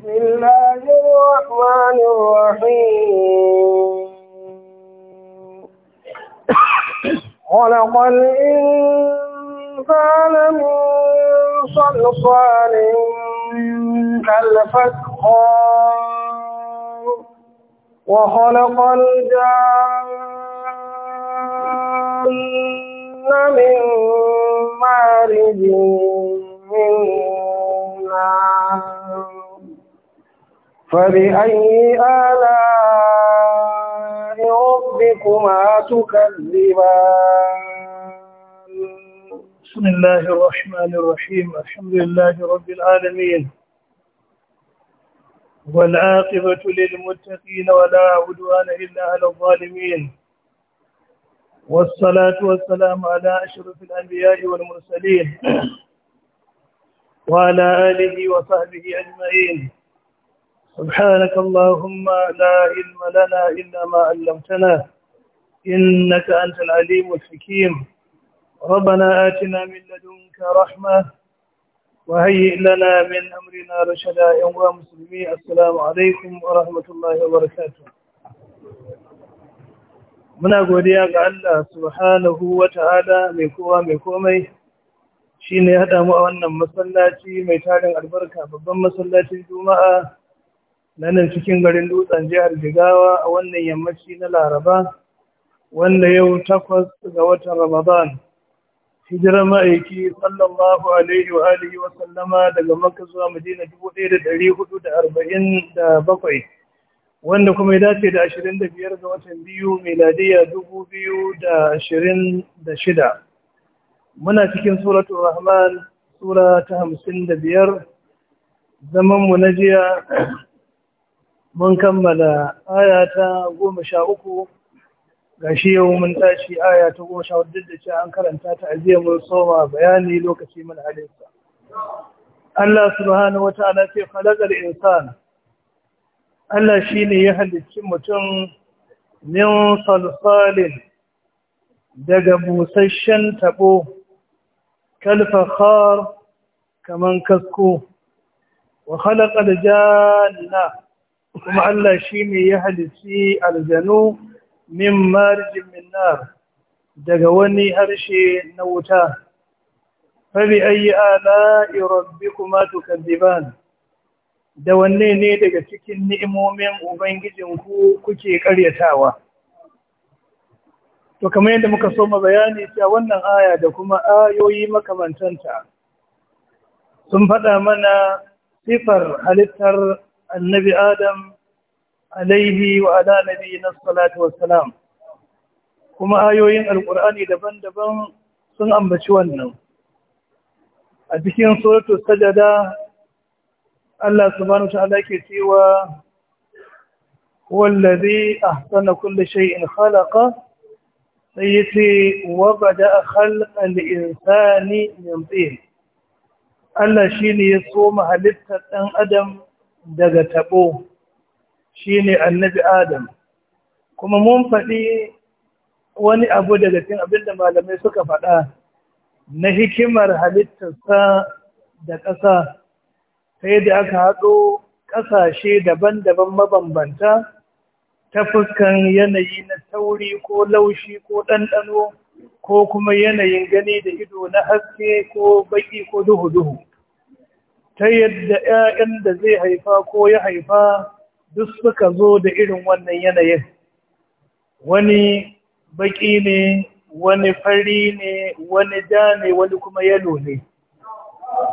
بسم الله الرحمن الرحيم خلق الإنسان من صلصال كالفخار وخلق الجن من مارج من نار فبأي آلاء ربكما تكذبان بسم الله الرحمن الرحيم الحمد لله رب العالمين والعاقبة للمتقين ولا عدوان إلا على الظالمين والصلاة والسلام على أشرف الأنبياء والمرسلين وعلى آله وصحبه أجمعين سبحانك اللهم لا علم لنا إلا ما علمتنا إنك أنت العليم الحكيم ربنا آتنا من لدنك رحمة وهيئ لنا من أمرنا رشدا يا مسلمين السلام عليكم ورحمة الله وبركاته muna godiya ga Allah subhanahu wa ta'ala mai kowa mai komai shi ne haɗa mu a wannan masallaci mai tarin albarka babban masallacin juma'a na cikin garin dutsen jihar Jigawa a wannan yammaci na Laraba wanda yau takwas ga watan Ramadan. Hijirar ma'aiki sallallahu alaihi wa alihi wa sallama daga Makka zuwa Madina 1447 wanda kuma ya dace da 25 ga watan biyu miladiya 2026. Muna cikin suratul Rahman sura ta 55 zaman mu na jiya mun kammala aya ta goma sha uku gashi shi yau mun tashi aya ta goma sha hudu da ce an karanta ta ajiye mun soma bayani lokaci mun halitta Allah subhanahu wata'ala ce khalaqal insan Allah shine ya halicci mutum min salsalin daga busasshen tabo kalfakhar kaman kasko wa khalaqal janna kuma Allah shi ne ya halitsi aljanu min marjin minnar daga wani harshe na wuta fabi ayi ala rabbikuma divan. da wanne ne daga cikin ni'imomin ubangijinku kuke karyatawa to kamar yadda muka ma bayani cewa wannan aya da kuma ayoyi makamantanta sun faɗa mana sifar halittar annabi Adam alaihi wa ala nabi na salatu wassalam kuma ayoyin Alƙur'ani daban-daban sun ambaci wannan a cikin suratu sajada Allah subhanahu wa ta'ala ke cewa wallazi ahsana kulli shay'in khalaqa sayyati wa bada khalqal insani min tin Allah shine ya soma halittar ɗan adam daga taɓo ne annabi adam kuma mun faɗi wani abu daga cikin abinda malamai suka faɗa na hikimar halittarsa da ƙasa sai da aka haɗo ƙasashe daban-daban mabambanta ta fuskan yanayi na sauri ko laushi ko ɗanɗano ko kuma yanayin gani da ido na haske ko baƙi ko duhu-duhu ta yadda 'ya'yan da zai haifa ko ya haifa duk suka zo da irin wannan yanayin wani baƙi ne wani fari ne wani ja ne wani kuma yalo ne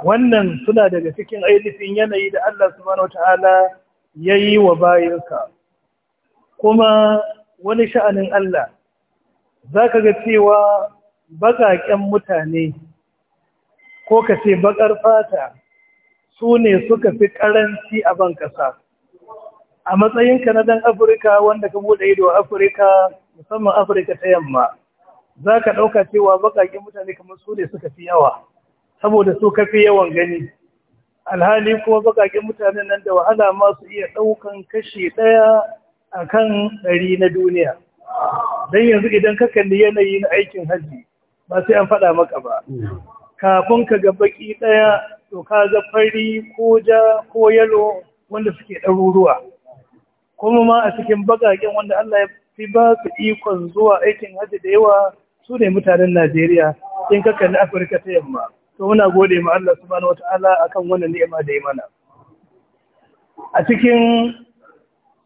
wannan suna daga cikin ainihin yanayi da Allah Su wata'ala ya yi wa bayanka kuma wani sha'anin Allah za ka ga cewa baƙaƙen mutane ko ka ce baƙar fata su ne suka fi karanci a ban kasa a matsayinka na dan afirka wanda ka buɗe ido afirka musamman afirka ta yamma za ka ɗauka cewa baƙaƙin mutane kamar su ne suka fi yawa saboda su ka fi yawan gani alhali kuma baƙaƙen mutane nan da wahala ma su iya ɗaukan kashi ɗaya a kan ɗari na duniya don yanzu idan ka kalli yanayi na aikin hajji ba sai an faɗa maka ba mm. kafin ka ga baƙi ɗaya to ka ga fari ko ja ko yalo wanda suke ɗaruruwa kuma ma a cikin bagaƙen wanda Allah ya fi ba su ikon zuwa aikin hajji da yawa su ne mutanen Najeriya in ka kalli Afirka ta yamma to muna gode ma Allah subhanahu wata'ala akan wannan ni'ima da ya mana a cikin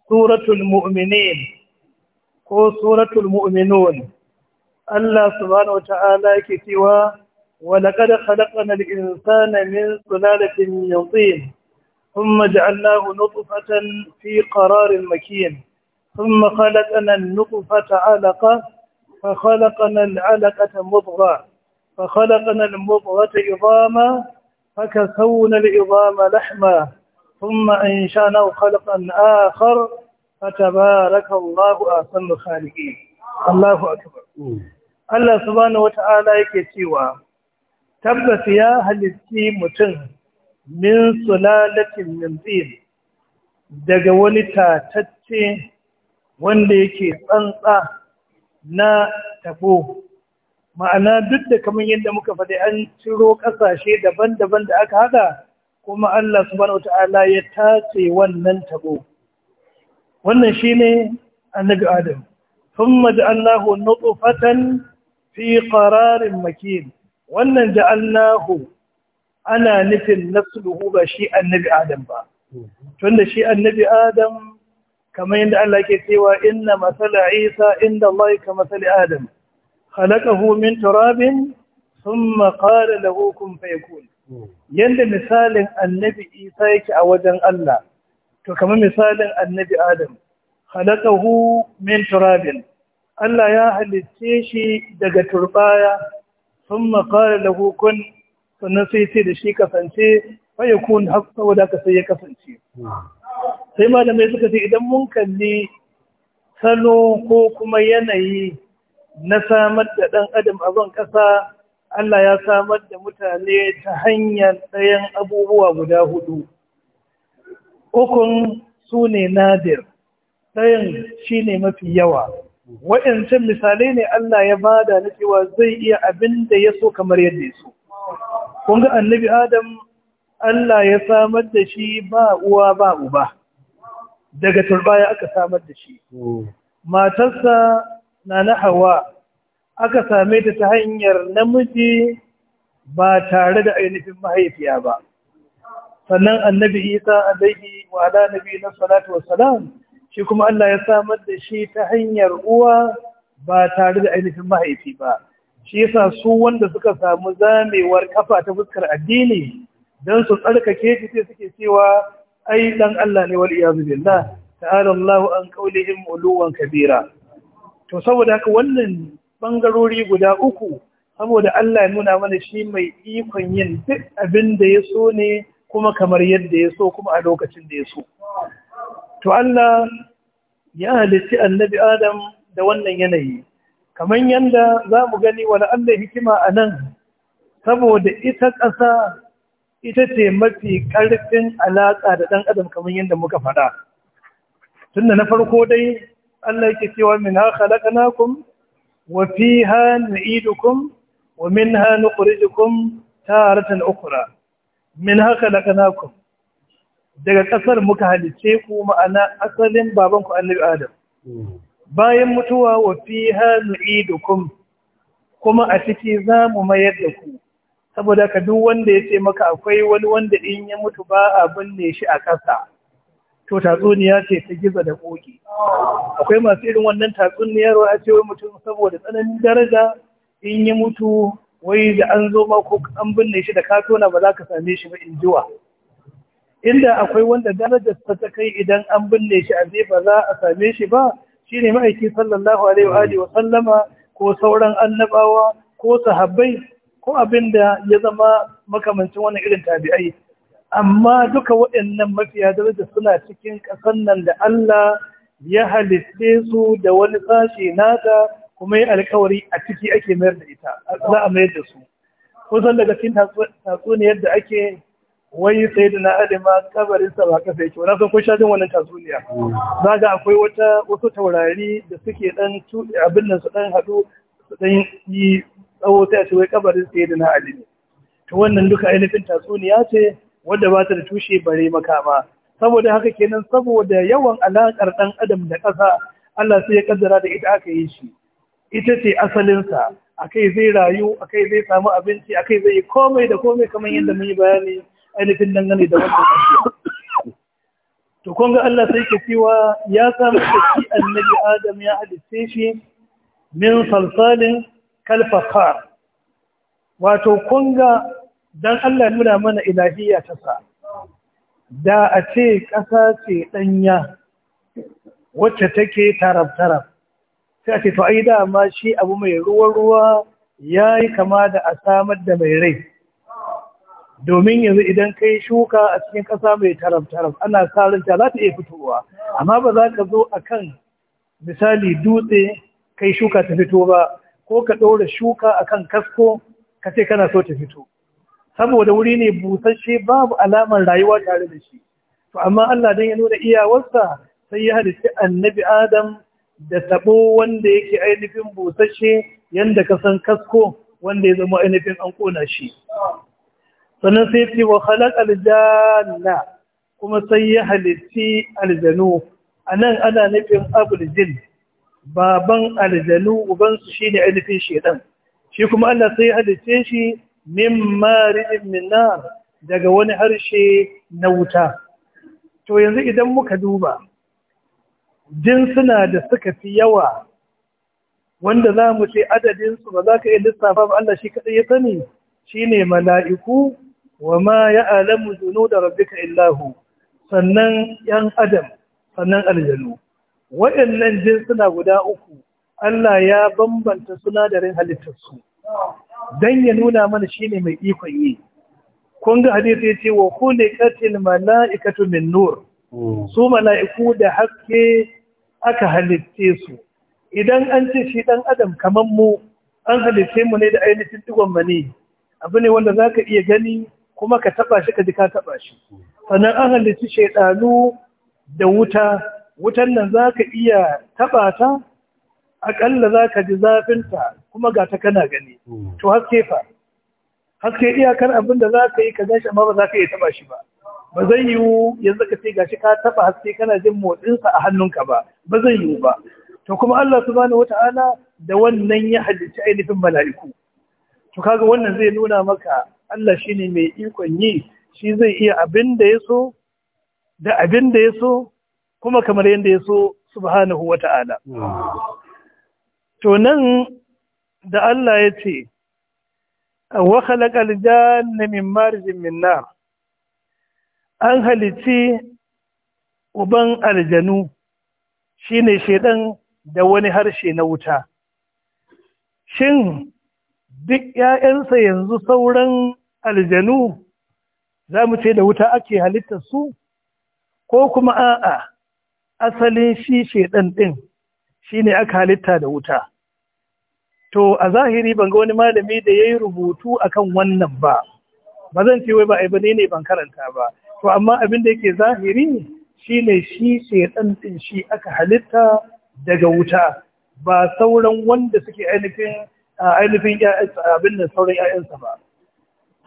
suratul mu'minin ko suratul mu'minun Allah subhanahu wata'ala yake cewa ولقد خلقنا الإنسان من سلالة من طين ثم جعلناه نطفة في قرار مكين ثم خلقنا النطفة علقة فخلقنا العلقة مضغة فخلقنا المضغة عظاما فكسونا العظام لحما ثم أنشأناه خلقا آخر فتبارك الله أحسن الخالقين الله أكبر الله سبحانه وتعالى يكتوى tabbas ya halitti mutum min sulalatin min zin daga wani tatacce wanda yake tsantsa na tabo ma'ana duk da kamar yadda muka faɗi an ciro ƙasashe daban-daban da aka haka kuma Allah subhanahu wata'ala ya tace wannan tabo wannan shine annabi Adam thumma ja'alnahu fatan fi qararin makin wannan ja'alnahu ana nufin nasluhu ba shi annabi adam ba tunda shi annabi adam kamar yadda Allah ke cewa inna masala isa inda Allah ka masali adam khalaqahu min turabin thumma qala lahu kun fayakun yanda misalin annabi isa yake a wajen Allah to kamar misalin annabi adam khalaqahu min turabin Allah ya halicce shi daga turbaya sun makara da hukun sannan sai ce da shi kasance faye kun haka saboda ka sai ya kasance sai malamai suka ce idan mun kalli salo ko kuma yanayi na samar da ɗan adam a ban ƙasa Allah ya samar da mutane ta hanyar ɗayan abubuwa guda hudu ukun su ne nadir ɗayan shi ne mafi yawa wa'ancan misalai ne Allah ya bada na cewa zai iya abin da ya so kamar yadda ya so kun ga annabi adam Allah ya samar da shi ba uwa ba uba daga turbaya aka samar da shi matarsa na na hawa aka same ta ta hanyar namiji ba tare da ainihin mahaifiya ba sannan annabi isa alaihi wa ala nabi na salatu wassalam shi kuma Allah ya samar da shi ta hanyar uwa ba tare da ainihin mahaifi ba shi yasa su wanda suka samu zamewar kafa ta fuskar addini dan su tsarkake shi sai suke cewa ai dan Allah ne wal iyazu billah ta'ala Allahu an qaulihim uluwan kabira to saboda haka wannan bangarori guda uku saboda Allah ya nuna mana shi mai ikon yin duk abin da ya so ne kuma kamar yadda ya so kuma a lokacin da ya so to Allah ya halitti annabi Adam da wannan yanayi kamar yanda za mu gani wani Allah hikima a nan saboda ita ƙasa ita ce mafi ƙarfin alaƙa da ɗan adam kamar yadda muka faɗa tunda na farko dai Allah yake cewa min ha khalaqnakum wa fiha nu'idukum wa minha ta taratan ukura, min ha khalaqnakum daga ƙasar muka halice ku ma'ana asalin babanku annabi adam bayan mutuwa wa hannu nu'idukum kuma a ciki za mu mayar da ku saboda ka duk wanda ya ce maka akwai wani wanda in ya mutu ba a binne shi a ƙasa to tatsuniya ce ta gizo da koki akwai masu irin wannan tatsuniyar a ce mutum saboda tsananin daraja in ya mutu wai da an zo ma ko an binne shi da katona ba za ka same shi ba in jiwa inda akwai wanda darajar ta ta kai idan an binne shi a ba za a same shi ba shi ne ma'aiki sallallahu alaihi wa sallama ko sauran annabawa ko sahabbai ko abin da ya zama makamancin wani irin tabi'ai amma duka waɗannan mafiya daraja suna cikin ƙasar nan da Allah ya halitte su da wani sashi nata kuma yi alkawari a ciki ake mayar da ita za a mayar da su kusan daga cikin tatsuniyar da ake wai sai da na alima kabarin sa ba kasa yake wani sun kun shajin wannan tasuniya za ga akwai wata wasu taurari da suke dan abin nan su dan haɗu su dan yi tsawo sai a ce wai kabarin sai da na adama to wannan duka ainihin tasuniya ce wadda ba ta da tushe bare makama saboda haka kenan saboda yawan alaƙar ɗan adam da ƙasa Allah sai ya kaddara da ita aka yi shi ita ce asalinsa akai zai rayu akai zai samu abinci akai zai yi komai da komai kamar yadda mun yi bayani ainihin dangane da wannan abuwa to kun ga Allah sai ke cewa ya samu da shi annabi Adam ya halitta shi min salsalin kalfakar wato kun ga dan Allah nuna mana ilahiyya ta sa da a ce ƙasa ce ɗanya wacce take tarab-tarab sai a ce to ai dama shi abu mai ruwa-ruwa ya yi kama da a samar da mai rai domin yanzu idan ka yi shuka a cikin ƙasa mai taraf-taraf ana karanta za ta iya fitowa amma ba za ka zo a kan misali dutse ka yi shuka ta fito ba ko ka ɗora shuka a kan kasko ka ce kana so ta fito saboda wuri ne busasshe babu alamar rayuwa tare da shi to amma Allah dan ya nuna iyawarsa sai ya halitta annabi Adam da tabo wanda yake ainihin busasshe yanda ka san kasko wanda ya zama ainihin an kona shi sannan sai ce wa khalaqal aljanna kuma sai ya halitti aljanu anan ana nufin abul jin baban aljanu ubansu shine ainihin shedan shi kuma Allah sai ya halitte shi min marijin min daga wani harshe na wuta to yanzu idan muka duba jinsuna da suka fi yawa wanda za mu ce adadinsu ba za ka iya lissafa ba Allah shi kaɗai ya sani shi ne mala'iku wa ma zunu da rabbika ka Illahu sannan yan adam sannan aljanu waɗannan suna guda uku Allah ya bambanta sunadarin halittarsu dan ya nuna mana shine mai ikon yi kun ga hadisi yace wa khuliqatil mala'ikatu min nur hmm. su mala'iku da haske aka halitte su idan an ce shi ɗan adam kamar mu an halitte mu ne da ainihin digon mani abu ne wanda zaka iya gani kuma ka taba shi ka ji ka taba shi sannan an halitta shaidanu da wuta wutan nan za ka iya taba ta akalla za ka ji zafinta kuma ga ta kana gani to haske fa haske iyakar abin da za ka yi ka gashi amma ba za ka iya taba shi ba ba zai yiwu yanzu ka ce gashi ka taba haske kana jin motsinsa a hannunka ba ba zai yiwu ba to kuma Allah subhanahu wata'ala da wannan ya halicci ainihin mala'iku to kaga wannan zai nuna maka Allah shi ne mai ikon yi shi zai iya abin da ya so da abin da ya so kuma kamar yadda ya so subhanahu wa ta'ala. To nan da Allah ya ce, wa khalaqal janna min marjin min an halici uban aljanu shine shedan da wani harshe na wuta shin duk 'ya'yansa yanzu sauran aljanu za mu ce da wuta ake halittar su ko kuma a'a asalin shi ɗin din shine aka halitta da wuta to a zahiri ban ga wani malami da yayi rubutu akan wannan ba ba zan ce wai ba ai bane ne ban karanta ba to amma abin da yake zahiri shine shi shedan din shi aka halitta daga wuta ba sauran wanda suke ainihin ainihin abin da sauran 'ya'yansa ba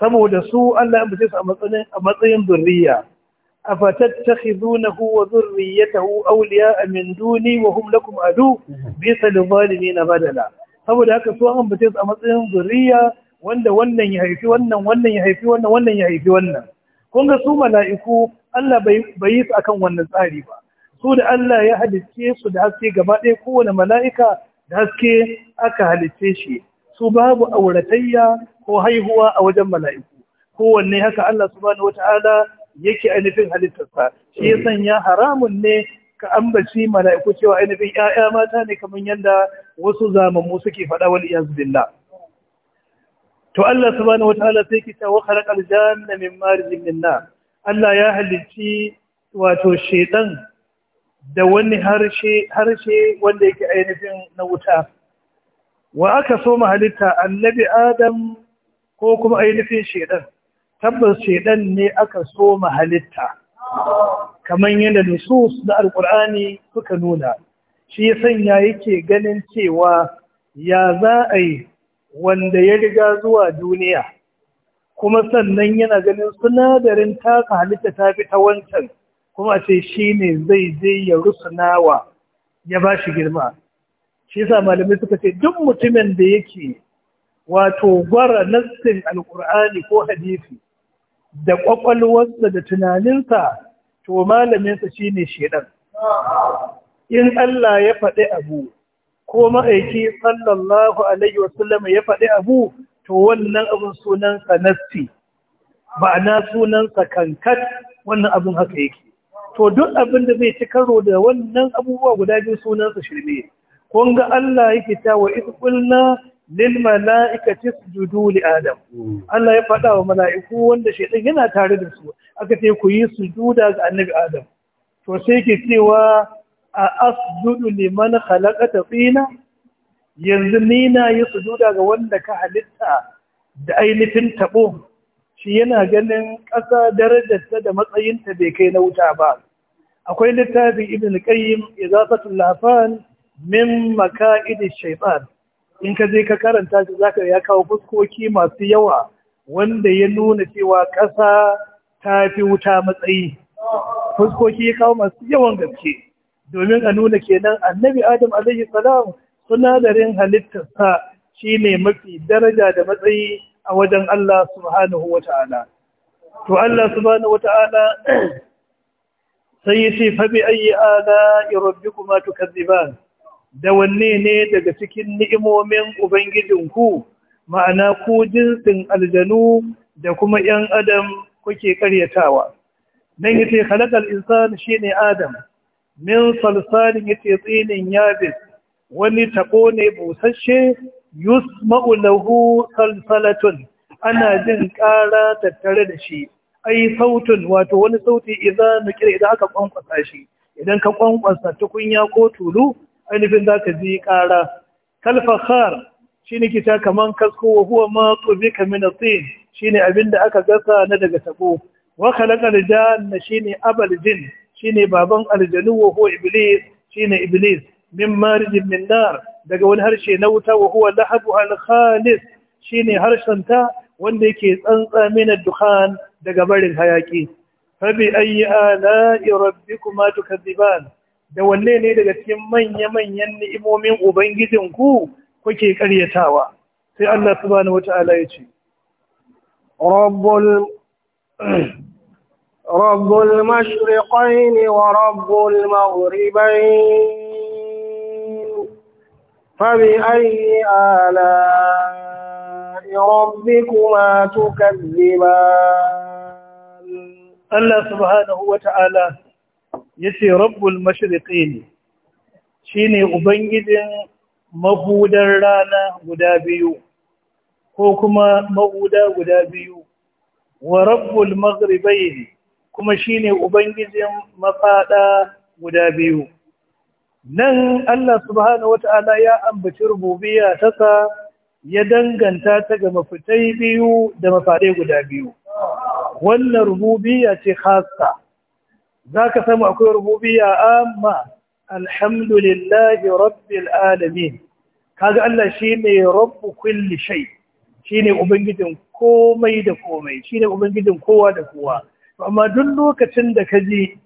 saboda su Allah ya bace su a matsayin a matsayin zurriya afatattakhidunahu wa zurriyatahu awliya'a min duni wa hum lakum adu bisa lidhalimin badala saboda haka su an bace su a matsayin zurriya wanda wannan ya haifi wannan wannan ya haifi wannan wannan ya haifi wannan kun ga su mala'iku Allah bai yi su akan wannan tsari ba su da Allah ya halicce su da haske gaba ɗaya kowane mala'ika da haske aka halicce shi su babu auratayya ko haihuwa a wajen mala'iku kowanne haka Allah subhanahu wata'ala yake ainihin halittarsa shi ya sanya haramun ne ka ambaci mala'iku cewa ainihin ‘ya'ya mata ne kamar yadda wasu zamanmu suke faɗa wani iya zubinna. to Allah subhanahu wata'ala sai ki ta wakar ƙarjan na marijin Allah ya halicci wato shedan da wani harshe harshe wanda yake ainihin na wuta wa aka so ma halitta annabi adam ko kuma ainihin shedan tabbas shedan ne aka so ma halitta kamar yadda nusus na alkur'ani suka nuna shi ya sanya yake ganin cewa ya za a yi wanda ya riga zuwa duniya kuma sannan yana ganin sinadarin taka halitta ta fi ta wancan kuma ce shi ne zai je ya rusunawa ya ba shi girma shi yasa malamai suka ce duk mutumin da yake wato gwara nassin alkur'ani ko hadisi da kwakwalwarsa da tunaninsa to malaminsa shi ne shaidan in Allah ya faɗi abu ko ma'aiki sallallahu alaihi wasallam ya faɗi abu to wannan abin sunansa nassi na sunansa kankat wannan abin haka yake to duk abin da zai ci karo da wannan abubuwa guda biyu sunansa shirme kun ga Allah ya ta wa iz qulna lil mala'ikati isjudu li adam Allah ya faɗa wa mala'iku wanda shaytan yana tare da su aka ce ku yi sujuda ga annabi adam to sai yake cewa a asjudu liman ta tsina yanzu nina na yi sujuda ga wanda ka halitta da ainihin tabo shi yana ganin ƙasa darajarta da matsayinta bai kai na wuta ba akwai littafin ibn qayyim izafatul lafan min maka'idi shaitan in ka je ka karanta shi zaka ya kawo fuskoki masu yawa wanda ya nuna cewa ƙasa ta fi wuta matsayi fuskoki ya kawo masu yawan gaske domin a nuna kenan annabi adam alaihi salam sunadarin halittarsa shine mafi daraja da matsayi a wajen Allah subhanahu wata'ala to Allah subhanahu wata'ala sai ya ce fa bi ayi ala rabbikuma tukazziban da wanne ne daga cikin ni'imomin Ubangijinku, ma'ana ku jinsin aljanu da kuma ‘yan Adam kuke karyatawa. Nan yace halakar insan shi ne Adam, min salsalin yace tsinin yabis, wani taɓo ne busasshe, yus ma'ulahu salsalatun, ana jin ƙara tattare da shi, ai sautun wato wani sauti idan idan aka kwankwasa shi, idan ka kwankwasa tukunya ko tulu, ainihin za ka ji ƙara kalfahar shi ne kita kaman kasko wa huwa ma tsobe ka atsin shi ne abin da aka gasa na daga tabo wa kalakar na shi ne abal jin shi ne baban aljanu wa huwa iblis shi ne iblis min marijin min nar daga wani harshe na wuta wa huwa lahabu alkhalis shi ne ta wanda yake tsantsa mina duhan daga barin hayaki fabi ayi ala'i rabbikuma tukazziban da wanne ne daga cikin manya-manyan ni’imomin ku kuke karyatawa? sai Allah su bani wata’ala ya ce, Rabbul mashriƙai ne wa rabbul maghribai, fami ayi ala rabbi kuma tukazziba. Allah subhanahu wa ta'ala Ya yace rabbul Shi shine ubangijin mahudar rana guda biyu ko kuma mahuda guda biyu wa rabbul ne, kuma shine ubangijin mafaɗa guda biyu nan Allah subhanahu wata'ala ya ambaci rububiya ta ya danganta ta ga mafitai biyu da mafaɗe guda biyu wannan rububiya ce khasa za ka samu akwai a amma alhamdulillahi rabbil alamin kaga Allah shine rabbu kulli shay shine ubangijin komai da komai shine ubangijin kowa da kowa amma duk lokacin da ka ji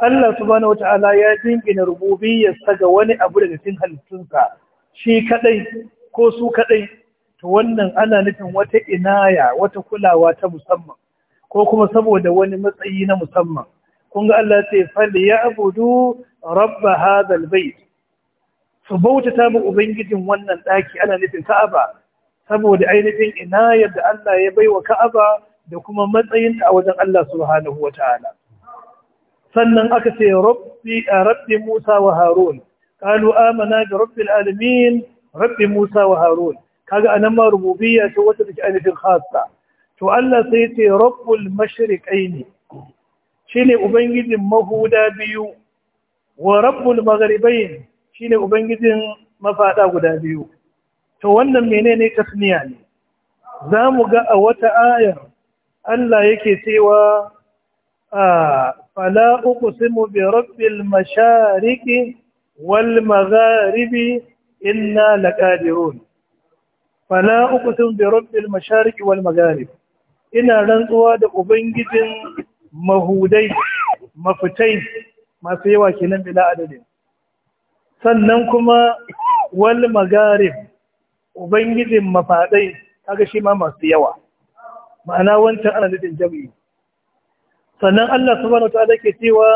Allah subhanahu wataala ya jingina rububiyyarsa ga wani abu daga cikin halittunsa shi kadai ko su kadai to wannan ana nufin wata inaya wata kulawa ta musamman ko kuma saboda wani matsayi na musamman kun ga Allah ce falyabudu rabb hadha bai su bautata mu ubangijin wannan daki ana nufin Ka'aba saboda ainihin ina yadda Allah ya bai wa Ka'aba da kuma matsayinta a wajen Allah subhanahu wataala sannan aka ce rabbi rabbi Musa wa Harun qalu amana bi rabbil alamin rabbi Musa wa Harun kaga anan ma rububiyya ce wata take ainihin khassa to Allah sai ya ce rabbul mashriqaini Shi ne ubangijin mahuda biyu wa rabbul shi ne ubangijin mafaɗa guda biyu to wannan menene tasniya ne Za mu ga a wata ayar Allah yake cewa fala simu bi rabbil mashariki wal magharibi inna laƙadirun. fala simu bi rabbil mashariki wal magharibi ina rantsuwa da ubangijin mahudai mafitai masu yawa kenan bila adadin sannan kuma wal magarib ubangijin mafadai kaga shi ma masu yawa ma'ana wancan ana nufin jami'i sannan Allah subhanahu wa ta'ala ke cewa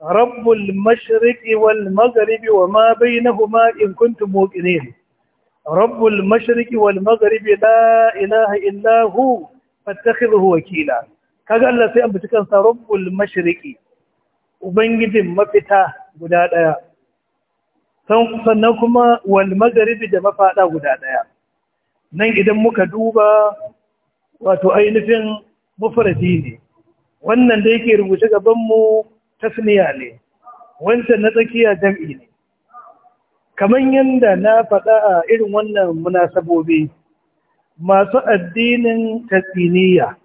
rabbul mashriqi wal wa ma bainahuma in kuntum muqinin rabbul mashriqi wal maghribi la ilaha illa hu fattakhidhuhu wakila kaga Allah sai ambaci kansa rabbul mashriqi ubangijin mafita guda daya sannan kuma wal magharibi da mafada guda daya nan idan muka duba wato ainihin mufradi ne wannan da yake rubuce gaban mu tasniya ne wancan na tsakiya jam'i ne kamar yanda na faɗa a irin wannan munasabobi masu addinin tasniya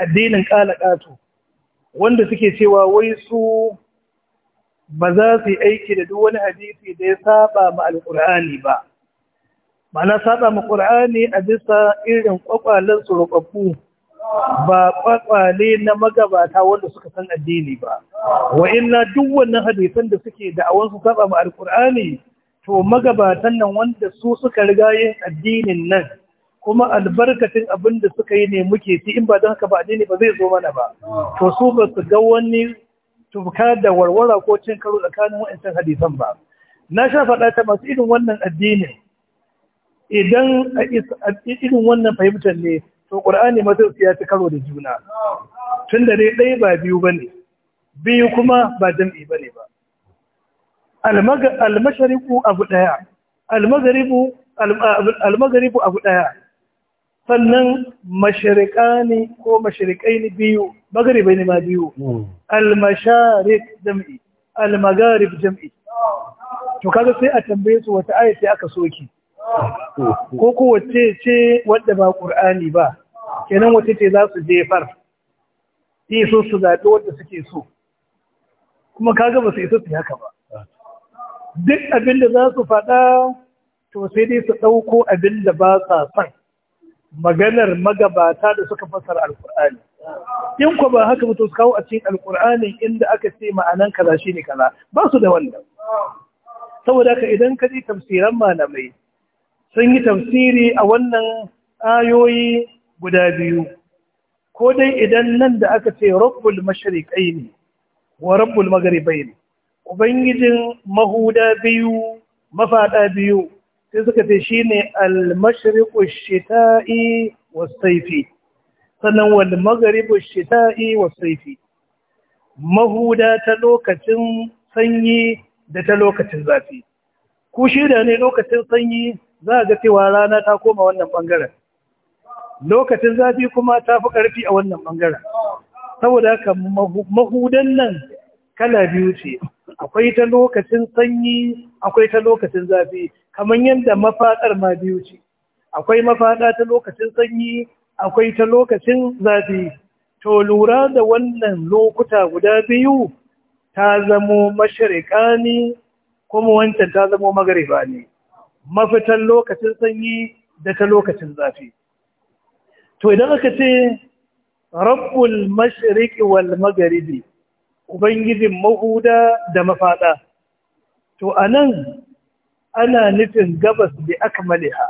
addinin ƙalaƙato wanda suke cewa wai su ba za su yi aiki da duk wani hadisi da ya saba ma alƙur'ani ba ma'ana saba ma ƙur'ani a bisa irin ƙwaƙwalen su roƙaƙu ba ƙwaƙwale na magabata wanda suka san addini ba wa inna duk wannan hadisan da suke da'awan su saba ma alƙur'ani to magabatan nan wanda su suka riga yin addinin nan kuma albarkacin abin da suka yi ne muke ci in ba don haka ba addini ba zai zo mana ba to su ba su ga wani tufka da warwara ko cin karo tsakanin wa'ancan hadisan ba na sha faɗa ta masu irin wannan addini idan a irin wannan fahimtar ne to ƙur'ani masu ya ci karo da juna tun da dai ɗaya ba biyu ba ne biyu kuma ba jam'i ba ne ba almashariku abu ɗaya almagaribu abu ɗaya sannan ne ko ne biyu magaribai ne ma biyu hmm. almasharik jam'i to kaga sai a tambaye su wata sai aka soki ko ko wacce ce wadda ba qur'ani ba kenan wacce ce za su jefar sai su su wadda suke so kuma kaga ba su isa su haka ba duk abinda za su faɗa to sai dai su ɗauko abinda ba sa san maganar magabata da suka fasar alkur'ani in ko ba haka mutum kawo a cikin alkur'ani inda aka ce ma'anan kaza shine kaza ba su da wannan saboda ka idan ka ji tafsiran malamai sun yi tafsiri a wannan ayoyi guda biyu ko dai idan nan da aka ce rabbul mashriqaini wa rabbul maghribaini ubangijin mahuda biyu mafada biyu sai suka ce shi ne almashriku shita'i wasaifi sannan wal shita'i wasaifi mahuda ta lokacin sanyi da ta lokacin zafi ku da ne lokacin sanyi za a cewa rana ta koma wannan bangaren lokacin zafi kuma ta fi ƙarfi a wannan bangaren saboda ka mahudan nan kala biyu ce akwai ta lokacin sanyi akwai ta lokacin zafi kamar yadda mafaɗar ma biyu ce akwai mafaɗa ta lokacin sanyi akwai ta lokacin zafi to lura da wannan lokuta guda biyu ta zamo mashirika ne kuma wancan ta zamo magariba ne mafitan lokacin sanyi da ta lokacin zafi to idan aka ce rabbul mashriqi wal magharibi ubangijin mahuda da mafaɗa, to anan ana nufin gabas bi akmaliha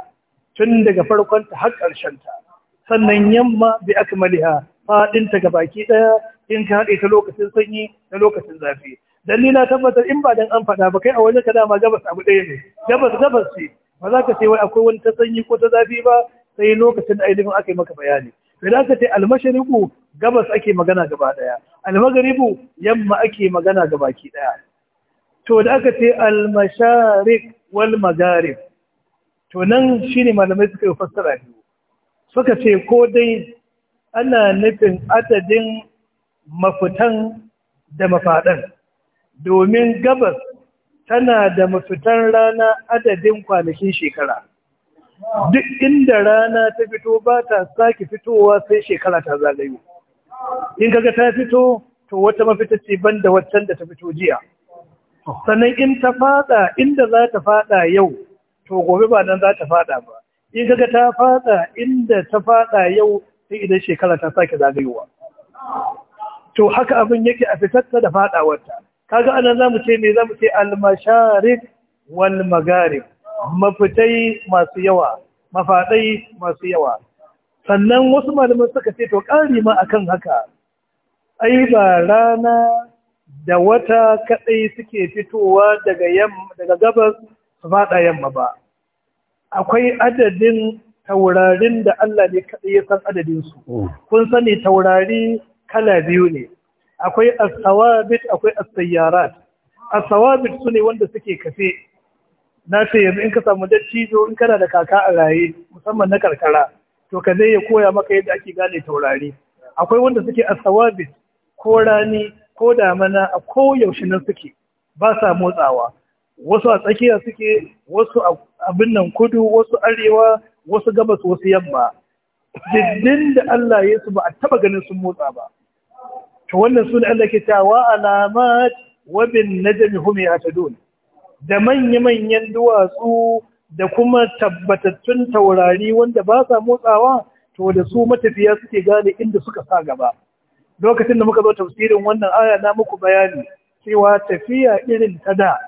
tun daga farkon ta har ƙarshen ta sannan yamma bi akmaliha fadin ta gabaki daya in ka haɗe ta lokacin sanyi da lokacin zafi dalila tabbatar in ba dan an fada ba kai a wajen ka dama gabas abu ɗaya ne gabas gabas ce ba za ka ce wai akwai wani ta sanyi ko ta zafi ba sai lokacin da ainihin aka yi maka bayani za ka ce almashariqu gabas ake magana gaba daya almaghribu yamma ake magana gabaki daya to da aka ce almashariq wal magarib to nan shine malamai suka yi fassara biyu suka ce ko dai ana nufin adadin mafitan da mafadan, domin gabas tana da mafitan rana adadin kwanakin shekara duk inda rana ta fito ba ta sake fitowa sai shekara ta zagayo in kaga ta fito to wata mafita ce banda waccan da ta fito jiya sannan in ta fada inda za ta fada yau to gobe ba nan za ta fada ba in kaga ta fada inda ta fada yau sai idan shekara ta sake zagayowa to haka abin yake a fitarta da fadawarta kaga anan zamu ce me zamu ce al wal magharib mafitai masu yawa mafadai masu yawa sannan wasu malaman suka ce to ƙari ma akan haka ai ba rana da wata kadai suke fitowa daga daga gabas su fada yamma ba akwai adadin taurarin da Allah ne kadai ya san adadin su mm. kun sani taurari kala biyu ne akwai as-sawabit akwai as-sayyarat as-sawabit sune wanda suke kafe na ce yanzu in ka samu dattijo in kana da kaka a raye musamman na karkara to ka zai ya koya maka yadda ake gane taurari akwai wanda suke asawabit ko rani ko damana a koyaushe nan suke ba sa motsawa wasu a tsakiya suke wasu abin nan kudu wasu arewa wasu gabas wasu yamma diddin da Allah ya su ba a taba ganin sun motsa ba to wannan sunan Allah ke wa alamat wa bin najmi hum yahtadun da manya-manyan duwatsu da kuma tabbatattun taurari wanda ba sa motsawa to da su matafiya suke gane inda suka sa gaba lokacin da muka zo tafsirin wannan aya na muku bayani cewa tafiya irin ta da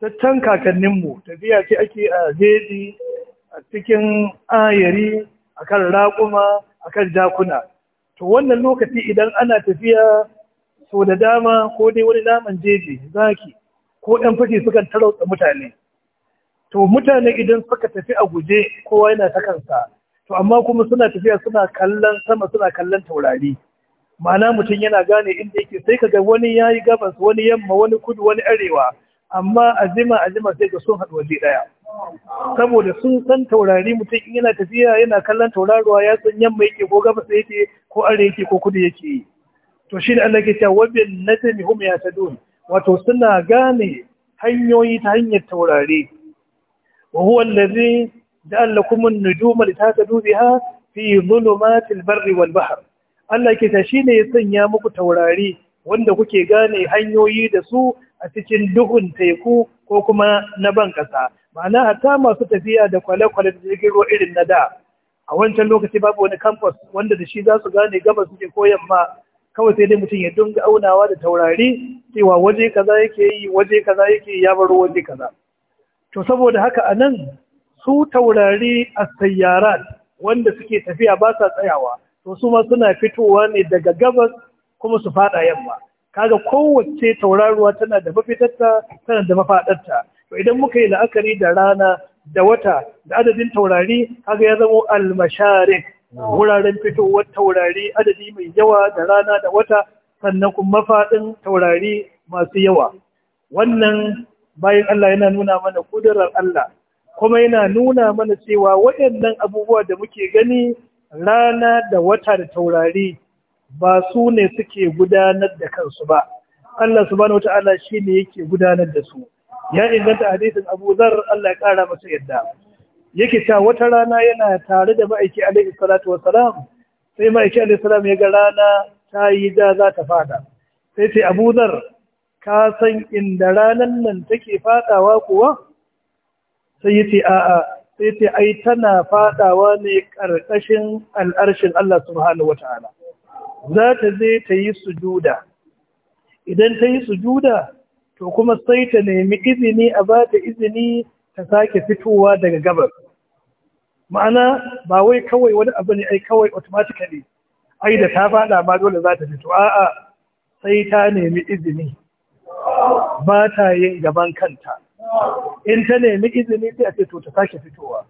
ta can kakanninmu tafiya ce ake a jeji a cikin ayari a kan raƙuma a kan jakuna to wannan lokaci idan ana tafiya so da dama ko dai wani naman jeji zaki ko ɗan fashi sukan tarauta mutane to mutane idan suka tafi a guje kowa yana ta kansa to amma kuma suna tafiya suna kallon sama suna kallon taurari ma'ana mutum yana gane inda yake sai ga wani yayi gabas wani yamma wani kudu wani arewa amma azima azima sai ga sun haɗu waje ɗaya saboda sun san taurari mutum in yana tafiya yana kallon tauraruwa ya san yamma yake ko gabas yake ko arewa yake ko kudu yake to shi da Allah ke cewa wabin najmi hum tadun wato suna gane hanyoyi ta hanyar taurari wa huwa allazi ja'ala lakum an-nujuma litatadu biha fi dhulumatil barri wal bahr Allah ke ta shi ne ya sanya muku taurari wanda kuke gane hanyoyi da su a cikin duhun teku ko kuma na ban ƙasa. Ma'ana hatta masu tafiya da kwale-kwale da jirgin ruwa irin na da. A wancan lokaci babu wani campus wanda da shi za su gane gabas suke ko yamma kawai sai dai mutum ya dunga aunawa da taurari cewa waje kaza yake yi waje kaza yake ya baro waje kaza. To saboda haka a nan su taurari a sayyarat wanda suke tafiya ba sa tsayawa to su ma suna fitowa ne daga gabas kuma su fada yamma kaga kowace tauraruwa tana da mafitarta tana da mafadarta to idan muka yi la'akari da rana da wata da adadin taurari kaga ya zama almasharik wuraren fitowar taurari adadi mai yawa da rana da wata sannan kuma mafaɗin taurari masu yawa wannan bayan Allah yana nuna mana kudurar Allah kuma yana nuna mana cewa waɗannan abubuwa da muke gani rana da wata da taurari ba su ne suke gudanar da kansu ba Allah subhanahu wata'ala shi ne yake gudanar da su ya inganta hadisin Abu Allah ya kara masa yadda yake ta wata rana yana tare da ma'aiki alaihi salatu wassalam sai ma'aiki alaihi salam ya ga rana ta yi da za ta fada sai ce Abu ka san inda ranan nan take fadawa kuwa sai yace a'a sai ce ai tana fadawa ne karkashin al'arshin Allah subhanahu ta’ala za ta je ta yi sujuda idan ta yi sujuda to kuma sai ta nemi izini a ba ta izini ta sake fitowa daga gabar. ma'ana ba wai kawai wani abu ne ai kawai automatically ai da ta fada ma dole za ta fito a'a sai ta nemi izini ba ta yin gaban kanta in ta nemi izini sai a ce to ta sake fitowa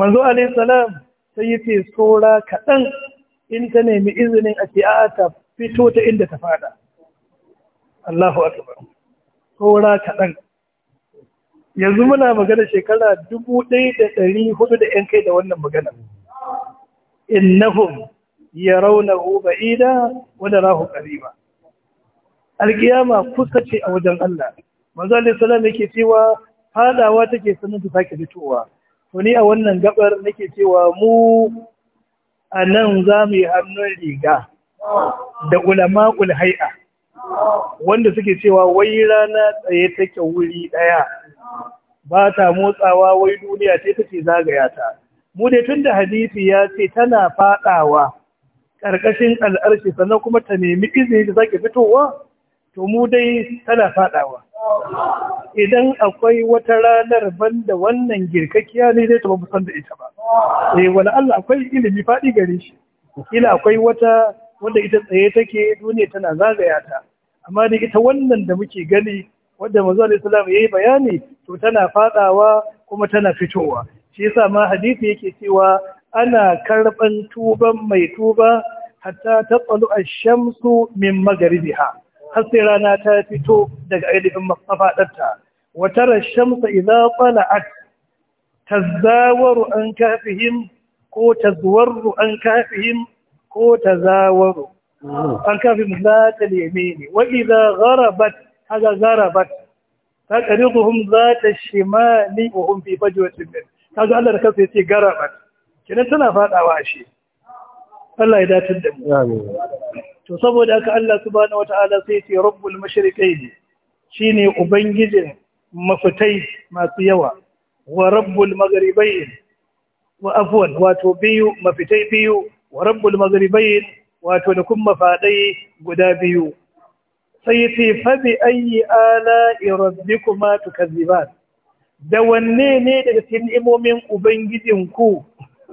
manzo alayhi salam sai yace tsora kaɗan in ta nemi izinin a ce a ta fito ta inda ta fada Allahu akbar tsora kaɗan yanzu muna magana shekara dubu ɗaya da ɗari hudu da ‘yan kai da wannan magana. Innahum ya rauna ba'ida wadda rahu ƙariba. Alƙiyama kusa ce a wajen Allah. manzo Allah sallallahu yake cewa fadawa take sanin ta sake fitowa to ni a wannan gabar nake cewa mu a nan za mu yi hannun riga da ulama hay'a wanda suke cewa wai rana tsaye take wuri daya ba ta motsawa wai duniya ce take zagaya ta mu dai tunda hadisi ya ce tana fadawa karkashin al'arshi sannan kuma ta nemi izini da zake fitowa to mu dai tana fadawa idan akwai wata ranar banda wannan girkakkiya ne zai taba musan da ita ba eh wala Allah akwai ilimi faɗi gare shi kila akwai wata wanda ita tsaye take duniya tana zagaya ta amma da ita wannan da muke gani wanda manzo Allah sallallahu yayi bayani to tana fadawa kuma tana fitowa shi yasa ma hadisi yake cewa ana karban tuban mai tuba hatta tatsalu ash-shamsu min magribiha har sai rana ta fito daga ainihin mafaɗarta wata rashamsa idza tala'at tazawaru an kafihim ko tazwaru an kafihim ko tazawaru an kafihim za ta yamini wa idza gharabat haga gharabat taqriduhum za ta shimali wa hum fi fajwatin kaga Allah da kansa yace gharabat kina tana faɗawa shi. Allah ya datar da mu to saboda haka Allah subhanahu wataala sai ya ce rabbul Mashriqayn shine ubangijin mafitai masu yawa wa rabbul magharibain wa afwan wato biyu mafitai biyu wa rabbul magharibain wato da kuma fadai guda biyu sai ce bi ayi ala rabbikuma tukazziban da wanne ne daga cikin imomin ubangijin ku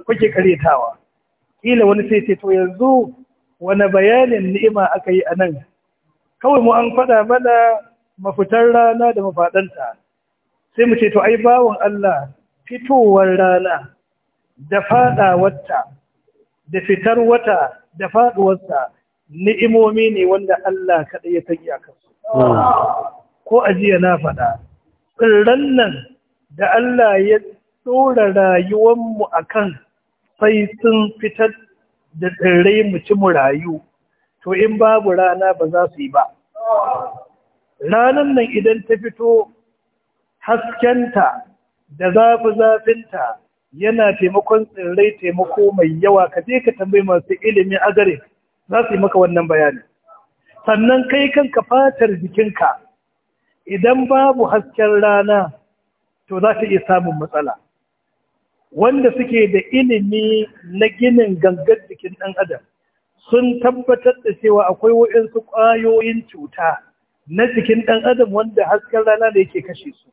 kuke karetawa kila wani sai ce to yanzu wani bayanin ni'ima aka yi a nan kawai mu an faɗa mana mafitar rana da mafaɗanta sai mu ce to ai bawan Allah fitowar rana da faɗawarta da fitar wata da faɗuwarta ni'imomi ne wanda Allah kaɗai ya taƙi a kansu ko ajiya na faɗa tsirran nan da Allah ya tsora rayuwanmu a kan sai sun fitar da tsirrai mu ci mu rayu to in babu rana ba za su yi ba ranan nan idan ta fito haskenta da zafi-zafinta yana taimakon tsirrai taimako mai yawa ka je ka tambayi masu ilimi a gare za su yi maka wannan bayani sannan kai kanka fatar jikinka idan babu hasken rana to za ta iya samun matsala wanda suke da ilimi na ginin gangar jikin ɗan adam sun tabbatar da cewa akwai waɗansu ƙwayoyin cuta na jikin ɗan adam wanda hasken rana da yake kashe su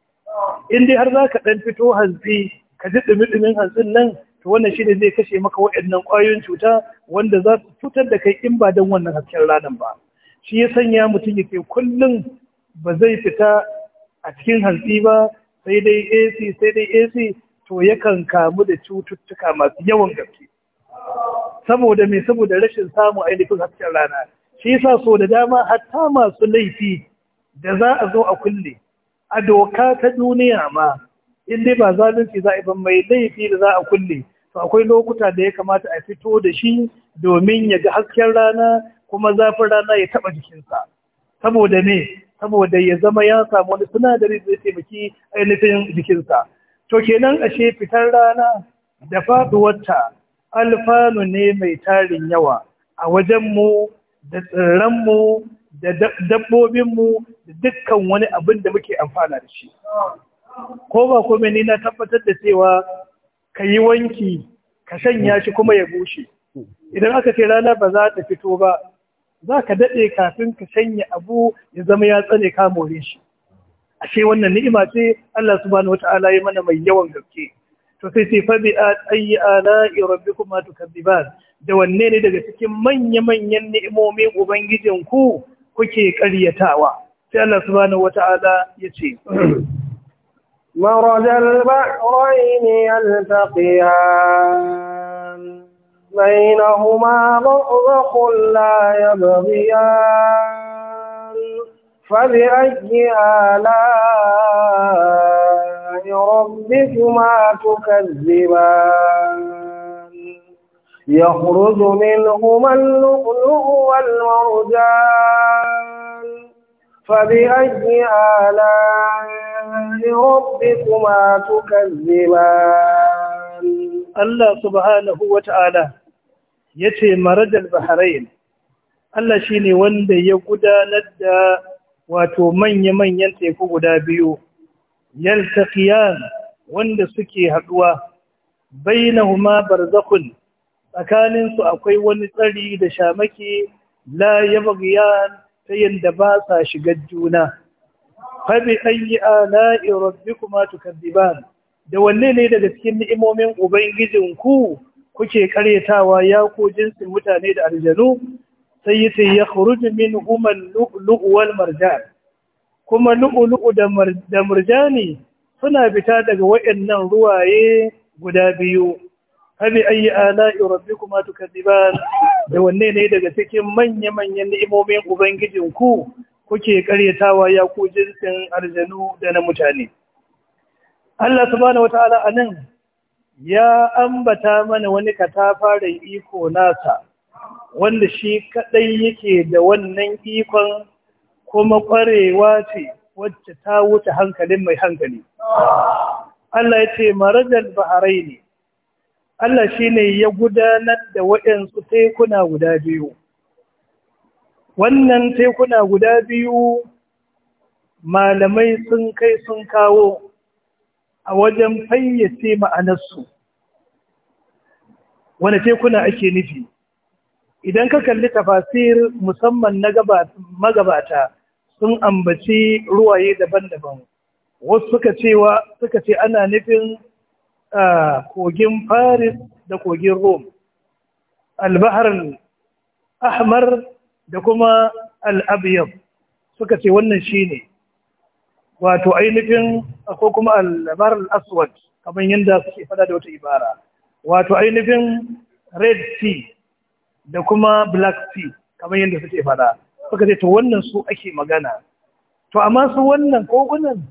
in dai har za ka ɗan fito hantsi ka ji ɗumi-ɗumin hantsin nan to wannan ne zai kashe maka waɗannan ƙwayoyin cuta wanda za su cutar da kai in ba don wannan hasken ranar ba shi ya sanya mutum ya yake kullum ba zai fita a cikin hantsi ba sai dai AC sai dai AC to yakan kamu da cututtuka masu yawan gaske saboda me saboda rashin samun ainihin hasken rana shi yasa so da dama hatta masu laifi da za a zo a kulle a doka ta duniya ma in dai ba zalunci za a ban mai laifi da za a kulle to akwai lokuta da ya kamata a fito da shi domin ya ga hasken rana kuma zafin rana ya taba jikinsa saboda me saboda ya zama ya samu wani sinadari da ya taimaki ainihin jikinsa to kenan ashe fitar rana da faduwarta alfanu ne mai tarin yawa a wajenmu da tsirranmu da dabbobinmu da dukkan wani abin da muke amfana da shi ko ba kome ni na tabbatar da cewa ka yi wanki ka shanya shi kuma ya bushe idan aka ce rana ba za ta fito ba za ka daɗe kafin ka shanya abu ya zama ya tsane ka more shi ashe wannan ni'ima ce Allah subhanahu wata'ala ya mana mai yawan gaske to sai sai fa bi ayi ala'i ma tukadiban da wanne ne daga cikin manya-manyan ni'imomi ubangijin ku kuke ƙaryatawa sai Allah subhanahu wata'ala ya ce مرج البحرين يلتقيان بينهما برزخ لا يبغيان فبأي آلاء ربكما تكذبان يخرج منهما اللؤلؤ والمرجان فبأي آلاء ربكما تكذبان الله سبحانه وتعالى يتي مرج البحرين Allah shi ne wanda ya gudanar da wato manya-manyan teku guda biyu yaltaqiyan wanda suke haduwa bainahuma barzakhun tsakanin su akwai wani tsari da shamaki la yabghiyan ta yanda ba sa shigar juna fa bi ayi ala'i rabbikuma tukadiban da wanne ne daga cikin ni'imomin ubangijinku kuke karyatawa ya ko jinsin mutane da aljanu sai yace ya minhum umar luu wal marjan kuma lu'u-lu'u da marjani suna fita daga wayannan ruwaye guda biyu hali ayi ala'i tuka tukadziban da wanne ne daga cikin manya-manyan ni'imomin ubangijinku kuke karyatawa ya ku jinsin aljanu da na mutane Allah subhanahu wata anan ya ambata mana wani katafaren iko nasa wanda shi kaɗai yake da wannan ikon kuma ƙwarewa ce wacce ta wuce hankalin mai hankali. Allah ya ce marajar baharai ne, Allah shi ne ya gudanar da waɗansu tekuna guda biyu. Wannan tekuna guda biyu malamai sun kai sun kawo a wajen fayyace ma'anarsu. Wane tekuna ake nufi? idan ka kalli tafasir musamman na magabata sun ambaci ruwaye daban-daban wasu suka cewa suka ce ana nufin kogin Faris da kogin Rome albahar ahmar da kuma al'abiyar suka ce wannan shi ne wato ainihin ko kuma albahar aswad kamar yadda suke fada da wata ibara wato ainihin red sea da kuma black sea kamar yadda suke fada suka ce to wannan su ake magana to amma su wannan kogunan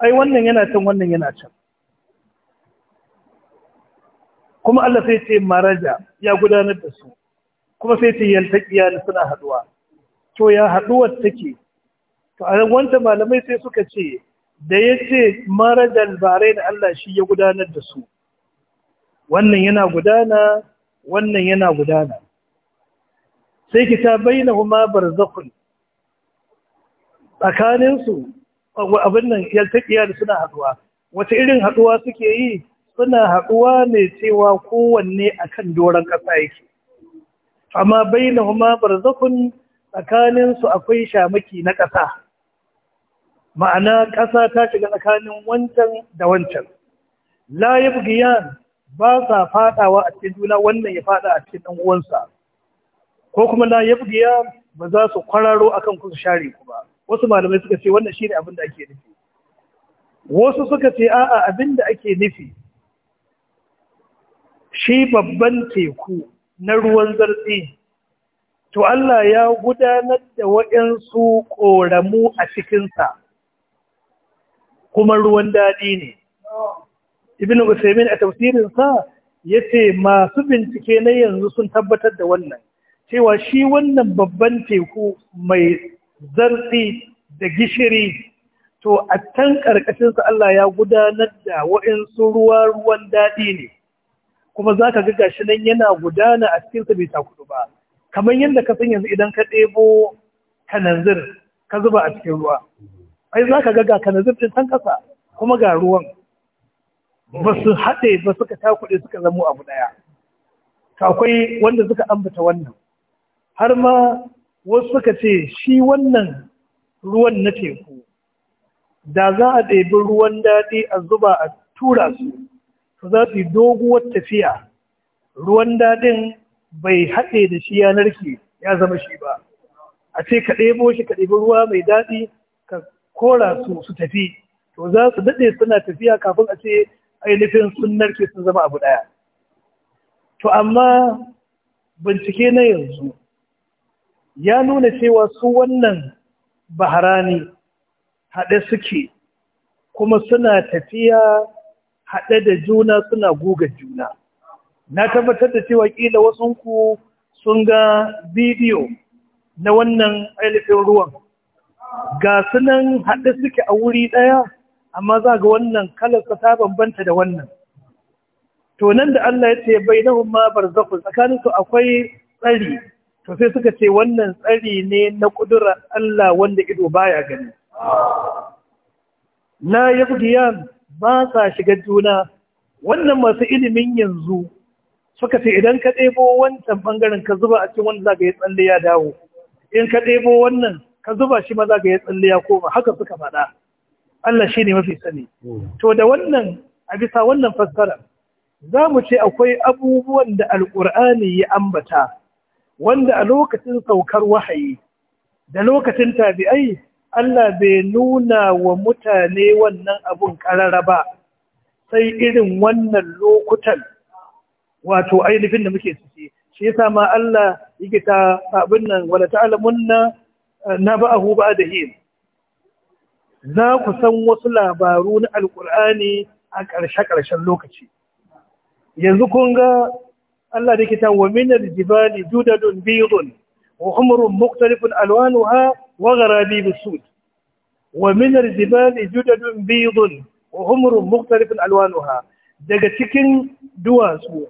ai wannan yana can wannan yana can kuma Allah sai ce maraja ya gudanar da su kuma sai ce yaltaqiya suna haduwa to ya haduwar take to a wanta malamai sai suka ce da yace marajal bare da Allah shi ya gudanar da su wannan yana gudana wannan yana gudana sai ki ta bayyana kuma barzakhun tsakanin su abin nan da suna haɗuwa, wace irin haɗuwa suke yi suna haɗuwa mai cewa kowanne akan doron ƙasa yake amma bayyana kuma barzakhun tsakanin akwai shamaki na ƙasa. ma'ana ƙasa ta shiga tsakanin wancan da wancan la yabghiyan ba sa fadawa a cikin juna wannan ya fada a cikin ɗan'uwansa, uwansa ko kuma la yabgiya ba za su kwararo akan ku su share ku ba wasu malamai suka ce wannan shine abin da ake nufi wasu suka ce a'a abin da ake nufi shi babban teku na ruwan zartsi to Allah ya gudanar da waɗansu ƙoramu a cikinsa kuma ruwan daɗi ne ibn Usaimin a tafsirin ya ce masu bincike na yanzu sun tabbatar da wannan cewa shi wannan babban teku mai zartsi da gishiri to a can ƙarƙashinsa Allah ya gudanar da waɗansu ruwa-ruwan daɗi ne kuma za ka ga shi nan yana gudana a cikinsa bai ta kudu ba kamar yadda ka san yanzu idan ka ɗebo kananzir ka zuba a cikin ruwa ai zaka ga ga kananzir din san ƙasa kuma ga ruwan ba su haɗe ba suka takuɗe suka zamo abu ɗaya akwai wanda suka ambata wannan har ma wasu suka ce shi wannan ruwan na teku da za a ɗebi ruwan daɗi a zuba a tura su to za su yi doguwar tafiya ruwan daɗin bai haɗe da shi yanar ki ya zama shi ba a ce ka ɗebo shi ka ɗebi ruwa mai daɗi ka kora su su tafi to za su daɗe suna tafiya kafin a ce ainihin sun narke sun zama abu ɗaya to amma bincike na yanzu ya nuna cewa su wannan baharani haɗe suke kuma suna tafiya haɗe da juna suna guga juna na tabbatar da cewa ƙila wasunku sun ga bidiyo na wannan ainihin ruwan ga sunan haɗe suke a wuri ɗaya amma za ga wannan kalarsa ta bambanta da wannan to nan da Allah ya ce bai hun ma barzakhu tsakanin su akwai tsari to sai suka ce wannan tsari ne na kudura Allah wanda ido baya gani Na la yabghiyan ba sa shiga juna wannan masu ilimin yanzu suka ce idan ka ɗebo wancan bangaren ka zuba a cikin wanda za ka yi tsalle ya dawo in ka ɗebo wannan ka zuba shi ma za ka yi tsalle ya koma haka suka faɗa Allah shi ne mafi sani hmm. to da wannan a bisa wannan fassara za mu ce akwai abubuwan da Alkur'ani ya ambata wanda a lokacin saukar wahayi da lokacin tabi'ai Allah bai nuna wa mutane wannan abun ƙarara ba sai irin wannan lokutan wato ainihin da muke ciki shi yasa ma Allah yake ta abin nan a ta'lamunna eh, naba'ahu da hin za ku san wasu labaru na alkur'ani a ƙarshe-ƙarshen lokaci yanzu kun ga Allah da kita wa minar jibali judadun biyun wa muktarifin alwanu ha wa gharabi bisud su waminar jibali judadun biyun wa muktarifin alwanu ha daga cikin duwatsu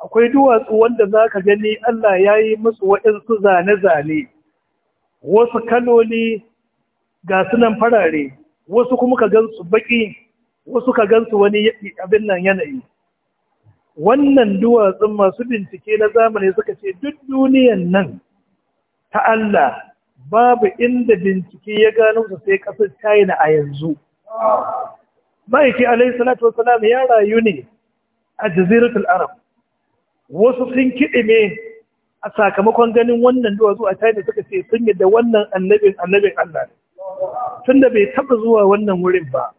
akwai duwatsu wanda za ka gani Allah ya yi musu waɗansu zane-zane wasu kaloli ga sunan farare wasu kuma ka gansu baki wasu ka gansu wani abin nan yanayi wannan duwatsun masu bincike na zamani suka ce duk duniyan nan ta Allah babu inda bincike ya gano su sai kasar China a yanzu ma'aiki alaihi salatu wasalam ya rayu ne a jaziratul arab wasu sun kiɗime a sakamakon ganin wannan duwatsu a China suka ce sun yi da wannan annabin annabin Allah ne tunda bai taba zuwa wannan wurin ba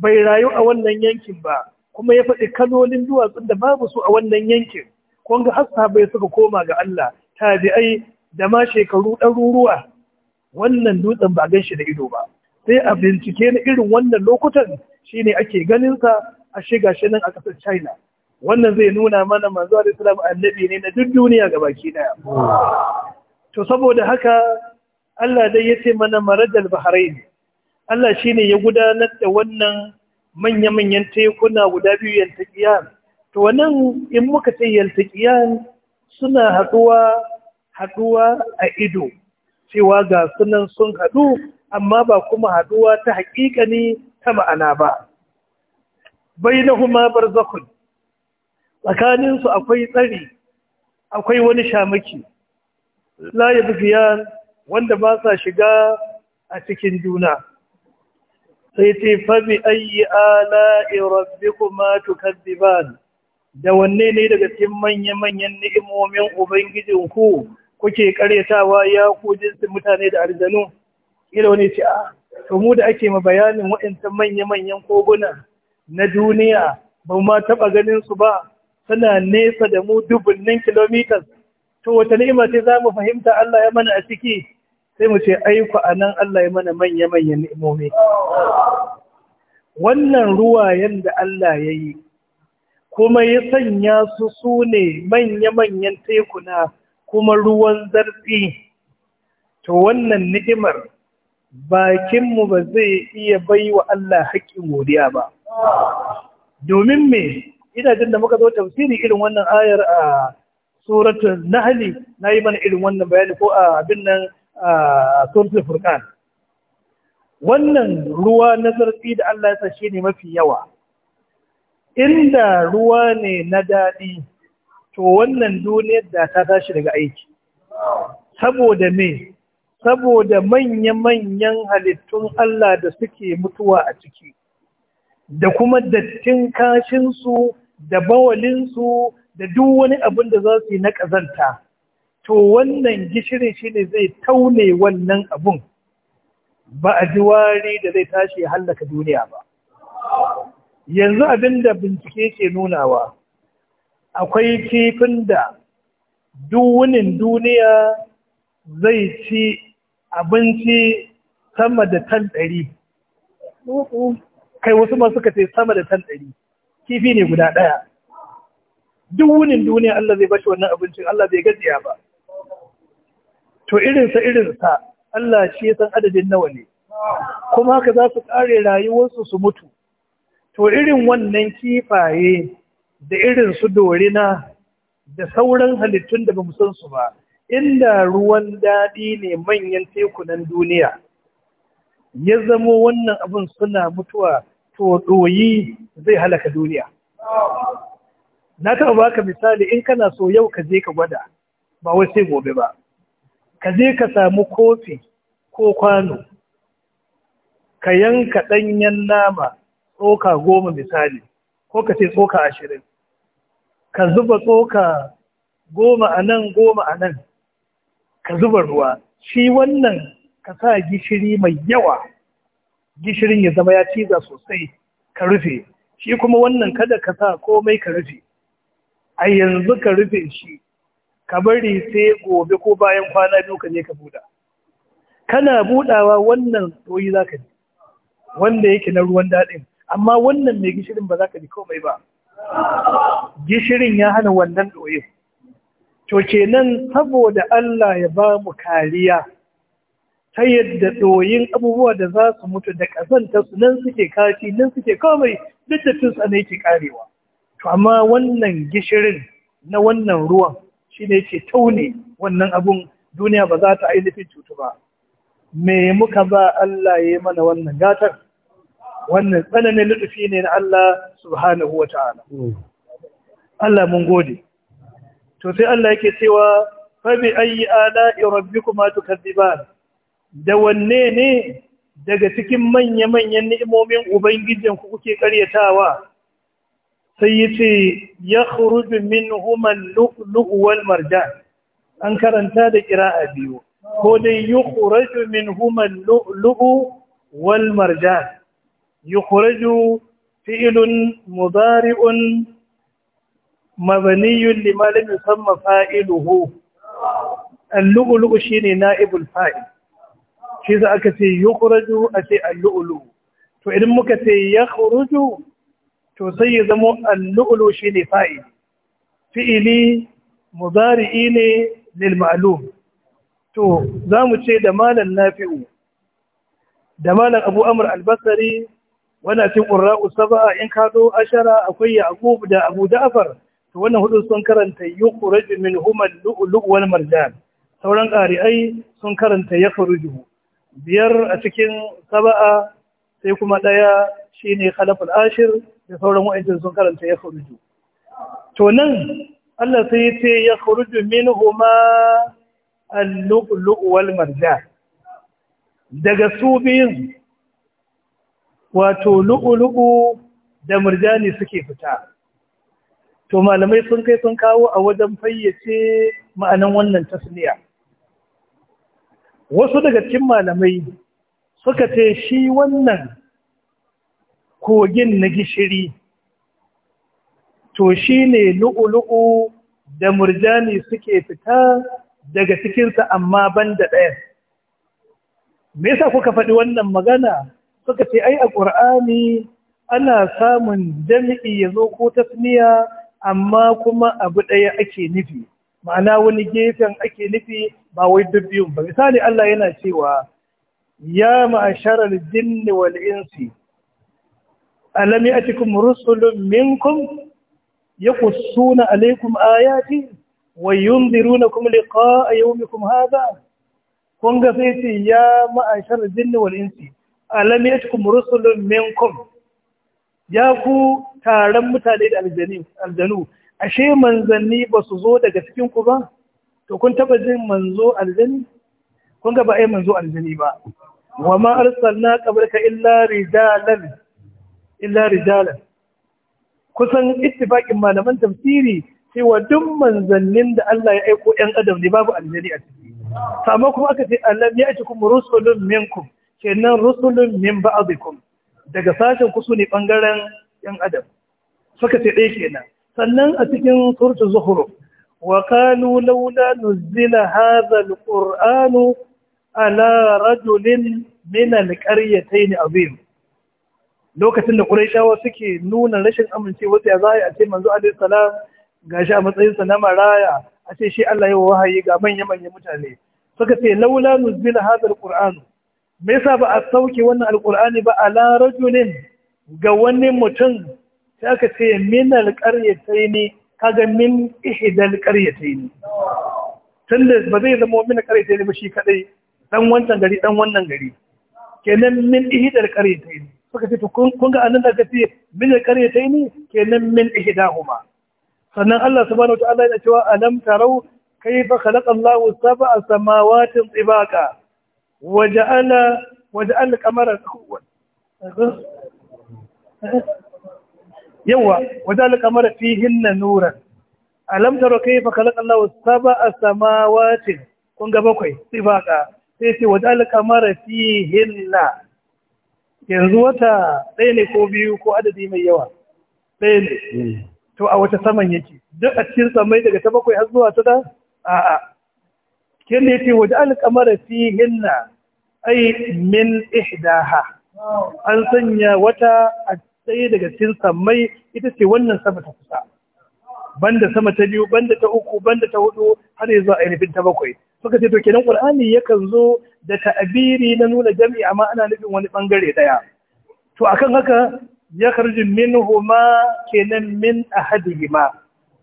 bai rayu a wannan yankin ba kuma ya faɗi kalolin duwatsun da babu su a wannan yankin kun ga hasa bai suka koma ga Allah tabi'ai da ma shekaru ɗaruruwa wannan dutsen ba gan da ido ba sai a bincike na irin wannan lokutan shine ake ganin sa a shiga shi nan a ƙasar China wannan zai nuna mana manzo Alaihi annabi ne na duk duniya gabaki daya to saboda haka Allah dai ya ce mana marajal ne. Allah shi ne ya gudanar da wannan manya-manyan tekuna guda biyu yaltaqiyan to wannan in muka ce yaltaqiyan suna haɗuwa-haɗuwa a ido cewa ga sunan sun haɗu, amma ba kuma haɗuwa ta haƙiƙa ne ta ma'ana ba Bai bar barzakhun tsakaninsu akwai tsari akwai wani shamaki la wanda ba sa shiga a cikin juna sai ce fabi ayi ala'i rabbikuma tukazziban da wanne ne daga cikin manya-manyan ni'imomin ubangijin ku kuke karyatawa ya ku jinsin mutane da arzano ila wani ce a to mu da ake ma bayanin waɗancan manya-manyan koguna na duniya ba ma taɓa ganin su ba suna nesa da mu dubunnin kilomitas to wata ni'ima ce za mu fahimta Allah ya mana a ciki sai mu ce aiku a nan Allah ya mana manya-manyan ni'imomi. Wannan ruwa da Allah ya yi, kuma ya sanya su su ne manya-manyan tekuna kuma ruwan zarfi, to wannan ni'imar bakinmu ba zai iya bai wa Allah haƙƙin godiya ba. Domin me, ina jin da muka zo tafsiri irin wannan ayar a suratun Nahali, na yi mana irin wannan bayani ko a abin nan a suratul Furkan. wannan ruwa na zarfi da Allah ya sashe ne mafi yawa inda ruwa ne na daɗi to wannan duniyar da ta tashi daga aiki saboda me saboda manya-manyan halittun Allah da suke mutuwa a ciki da kuma dattin kashinsu da bawalinsu da duk wani abin da za su yi na ƙazanta to wannan gishirin shi ne zai taune wannan abun ba a ji wari da zai tashi ya hallaka duniya ba yanzu abin da bincike ke nunawa akwai kifin da duwunin duniya zai ci abinci sama da tan ɗari kai wasu masu kace sama da tan ɗari kifi ne guda ɗaya duwunin duniya Allah zai bashi wannan abincin Allah zai gajiya ba to irinsa irinsa Allah shi ya san adadin nawa ne kuma haka za su kare rayuwarsu su mutu to irin wannan kifaye da irin su dorina da sauran halittun da bamu san su ba inda ruwan daɗi ne manyan tekunan duniya ya zamo wannan abin suna mutuwa to doyi zai halaka duniya na taɓa baka misali in kana so yau ka je ka gwada ba wai sai gobe ba ka je ka samu kofi ko kwano ka yanka ɗanyen nama tsoka goma misali ko ka ce tsoka ashirin ka zuba tsoka goma a nan goma a nan ka zuba ruwa shi wannan ka sa gishiri mai yawa gishirin ya zama ya ciza sosai ka rufe shi kuma wannan kada ka sa komai ka rufe a yanzu ka rufe shi ka bari sai gobe ko bayan kwana biyu ka je ka buɗa kana buɗawa wannan doyi za ka ji wanda yake na ruwan daɗin amma wannan mai gishirin ba za ka ji komai ba gishirin ya hana wannan doyin to kenan saboda Allah ya ba mu kariya ta yadda ɗoyin abubuwa da za su mutu da ƙazanta su nan suke kashi nan suke komai duk da tun sanai ke karewa to amma wannan gishirin na wannan ruwan shi ne ce taune wannan abun duniya ba za ta ainihin cutu ba me muka ba Allah ya yi mana wannan gatar wannan tsananin lutufi ne na Allah subhanahu wa ta'ala Allah mun gode to sai Allah yake cewa fabi ayi ala'i rabbikuma tukadziban da wanne ne daga cikin manya-manyan ni'imomin ubangijinku kuke karyatawa sai ya ce ya khuruju min human lu'lu'uwal marjan an karanta da a biyu ko dai yi khuruju min human lu'lu'uwal marjan yi khuruju fi'ilun mubari'un mabaniyun limalin musamman fa'iluhu اللؤلؤ شيني na'ibul fa'il shi za aka ce yukhruju a ce al to idan muka ce yakhruju to sai ya zamo al-lu'lu shine fa'ili fi'ili mudari'i ne lil ma'lum to zamu ce da malan nafi'u da malan abu amr al-basri wana cin qurra'u sab'a in ka ashara akwai yaqub da abu da'far to wannan hudu sun karanta yukhraj minhum al-lu'lu wal marjan sauran qari'ai sun karanta yakhruju biyar a cikin sab'a sai kuma daya shine khalaf ashir da sauran wa'ancin sun karanta ya to nan Allah sai ya ce ya kharuju minhuma huma lulu marja, daga su biyun wato lu'ulu'u da ne suke fita to malamai sun kai sun kawo a wajen fayyace ma'anan wannan tasniya wasu daga cikin malamai suka ce shi wannan kogin na gishiri to shi ne lu'ulu'u da murjani suke fita daga cikinsa amma ban da ɗaya me yasa kuka faɗi wannan magana Kuka ce ai a ƙur'ani ana samun jami'i ya zo ko tasniya amma kuma abu ɗaya ake nufi ma'ana wani gefen ake nufi ba wai duk biyun ba misali Allah yana cewa ya ma'asharar jinni wal insi alam ya'tikum rusulun minkum yaqussuna alaykum ayati wa yunzirunakum liqa'a yawmikum hadha kun ga sai ce ya ma'ashar jinni wal insi alam ya'tikum rusulun minkum ya ku taron mutane da aljanu ashe manzanni ba su zo daga cikin ku ba to kun taba jin manzo aljani kun ga ba ai manzo aljani ba wa ma arsalna qablaka illa rijalan illa Rijala, kusan ittifaqin malaman tafsiri cewa duk manzannin da Allah ya aiko ɗan adam ne babu aljani a ciki sama kuma aka ce Allah ya ci kuma rusulun minkum kenan rusulun min ba'dikum daga sashen ku ne bangaren ɗan adam suka ce ɗaya kenan sannan a cikin suratul zuhru wa qalu laula nuzila hadha alqur'anu ala rajulin min alqaryatayn azim lokacin da ƙuraishawa suke nuna rashin amincewa ya za a ce manzo alaihi salam gashi a sa na maraya a ce shi Allah ya wahayi ga manya-manyan mutane suka ce laula nuzila hadal qur'an me yasa ba a sauke wannan alqur'ani ba ala rajulin ga wani mutum sai aka ce min alqaryatayn kaga min ihdal qaryatayn tunda ba zai zama min alqaryatayn ba shi kadai dan wancan gari dan wannan gari kenan min ihdal qaryatayn suka ce kun ga annan da ka ce min ta al-qaryatayn kenan min dahuma. sannan Allah subhanahu wa ta'ala yana cewa alam tarau kayfa khalaqa Allahu sab'a samawatin tibaqa wa ja'ala wa ja'ala al-qamara yawa wa ja'ala al-qamara fihinna nuran alam tarau kayfa khalaqa Allahu sab'a samawatin kun ga bakwai tibaqa sai ce wa ja'ala al-qamara fihinna yanzu wata ɗaya ne ko biyu ko adadi mai yawa ɗaya ne to a wata saman yake duk a cikin samai daga ta bakwai har zuwa ta da a'a ke ne ce waje kamar fi hinna ai min ihdaha an sanya wata a ɗaya daga cikin samai ita ce wannan sama ta kusa banda sama ta biyu banda ta uku banda ta hudu har yanzu a ainihin ta bakwai suka ce to kenan qur'ani yakan zo da ta'abiri na nuna jami'i amma ana nufin wani bangare daya to akan haka ya kharju minhuma kenan min ahadihima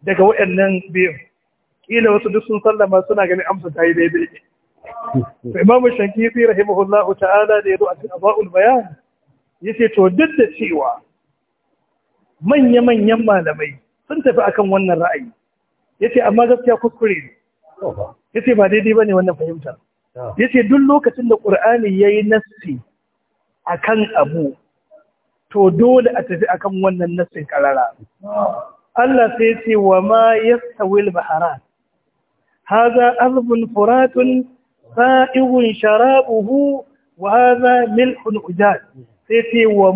daga wayannan biyu kila wasu duk sun sallama suna ganin amsa ta yi daidai to imamu shankiti rahimahullahu ta'ala da yazo a cikin abaul bayan yace to duk da cewa manya-manyan malamai sun tafi akan wannan ra'ayi yace amma gaskiya kuskure ne yace ba daidai ne wannan fahimtar. Ah. yace duk lokacin da ya yayi nassi akan abu to dole a tafi akan wannan nassin karara ah. Allah sai yace wa ma yastawil Ha za azbun furatun sa'igun sharabuhu wa za milhun ujaj sai yace wa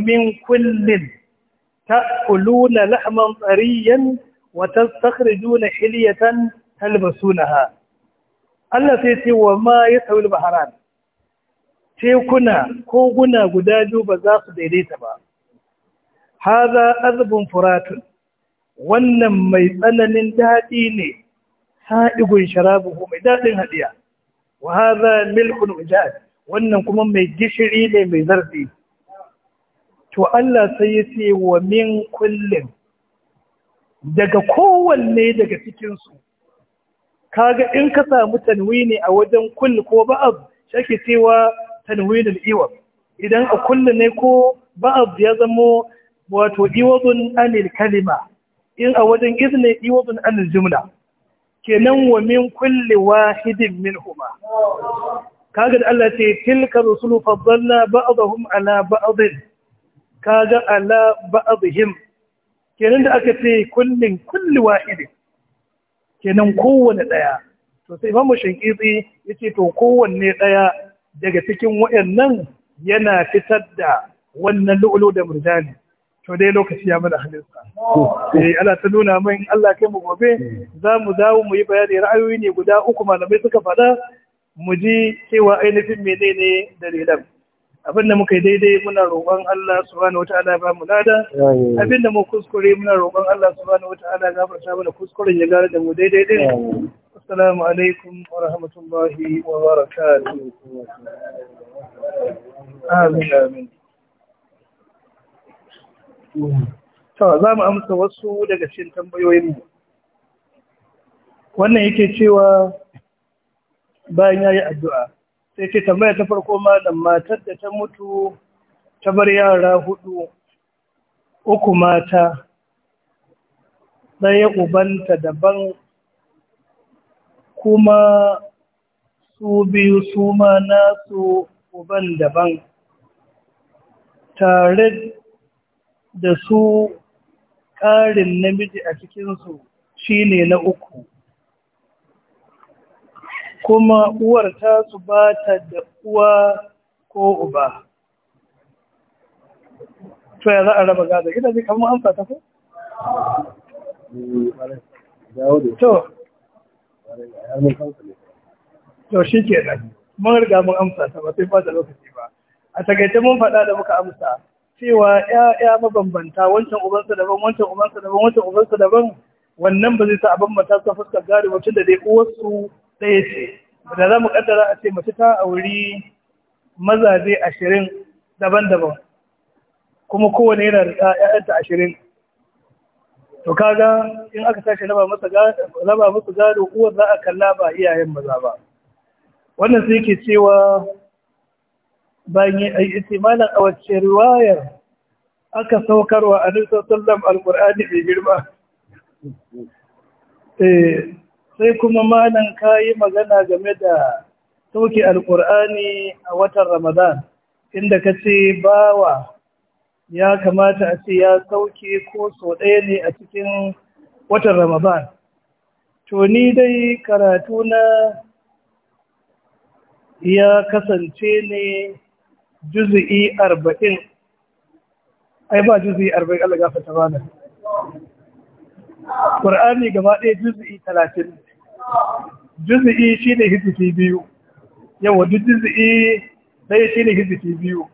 min kullin ta'kuluna lahman tariyan wa tastakhrijuna hilyatan talbasunaha Allah sai ce wa ma ya tsawil baharan tekuna koguna guda biyu ba za su daidaita ba haza azubin furatun wannan mai tsananin daɗi ne sa'igun ko mai daɗin haɗiya wa haza milkun ujad wannan kuma mai gishiri ne mai zarfi to Allah sai ya ce wa min kullum daga kowanne daga cikinsu kaga in ka samu tanwini a wajen kull ko ba'ad shake cewa tanwinul iwab idan a kull ne ko ba'ad ya zamo wato iwadun anil kalima in a wajen izni iwadun anil jumla kenan wa min kulli wahidin minhuma kaga da Allah ce tilka rusulu faddalna ba'dahum ala ba'd kaga ala ba'dihim kenan da aka ce kullin kulli wahidin kenan kowane ɗaya to sai imamu shinkitsi ya ce to kowanne ɗaya daga cikin waɗannan yana fitar da wannan lu'ulu da murjani to dai lokaci ya mana halitta eh Allah ta nuna min Allah kai mu gobe za mu dawo mu yi bayani ra'ayoyi ne guda uku malamai suka faɗa mu ji cewa ainihin menene dalilan abinda muka yi daidai muna roƙon Allah subhanahu wataala ba mu lada abinda mu kuskure muna roƙon Allah subhanahu wataala gafarta mana kuskuren ya gara da mu daidai din assalamu alaikum wa rahmatullahi wa barakatuh amin amin to za mu amsa wasu daga cikin tambayoyin mu wannan yake cewa bayan yayi addu'a sai ce tambaya ta farko malam matar da ta mutu ta bar yara hudu uku mata ɗaya ubanta daban kuma su biyu su ma nasu uban daban tare da su ƙarin namiji a cikinsu shine na uku kuma uwar su ba ta da uwa ko uba to ya za a raba gado ita zai kama amsa ta ko? to to shi ke nan mun riga mun amsa ta ba sai ba da lokaci ba a takaice mun faɗa da muka amsa cewa ‘ya'ya mabambanta wancan ubansa daban wancan ubansa daban wancan ubansa daban wannan ba zai sa a bambanta su fuskar gari mutum da dai uwarsu ɗaya ce da za mu ƙaddara a ce mace ta auri mazaje ashirin daban-daban kuma kowane yana da ‘ya'yanta ashirin to kaga in aka tashi raba masu gado uwar za a kalla ba iyayen maza ba wannan sai ke cewa bayan yi ita malam a wacce riwayar aka saukarwa a nisan sallam alkur'ani mai girma eh, sai kuma malam kayi magana game da sauke alkur'ani a watan ramadan inda ka ce bawa ya kamata a ce ya sauke ko so ɗaya ne a cikin watan ramadan to ni dai karatu na ya kasance ne juzi'i arba'in ai ba juzi'i arba'in allah gafa ba na ƙur'ani gaba ɗaya juzi'i talatin Juzi'i shi ne hizifi biyu yawa duk Sai ɗaya ne hizifi biyu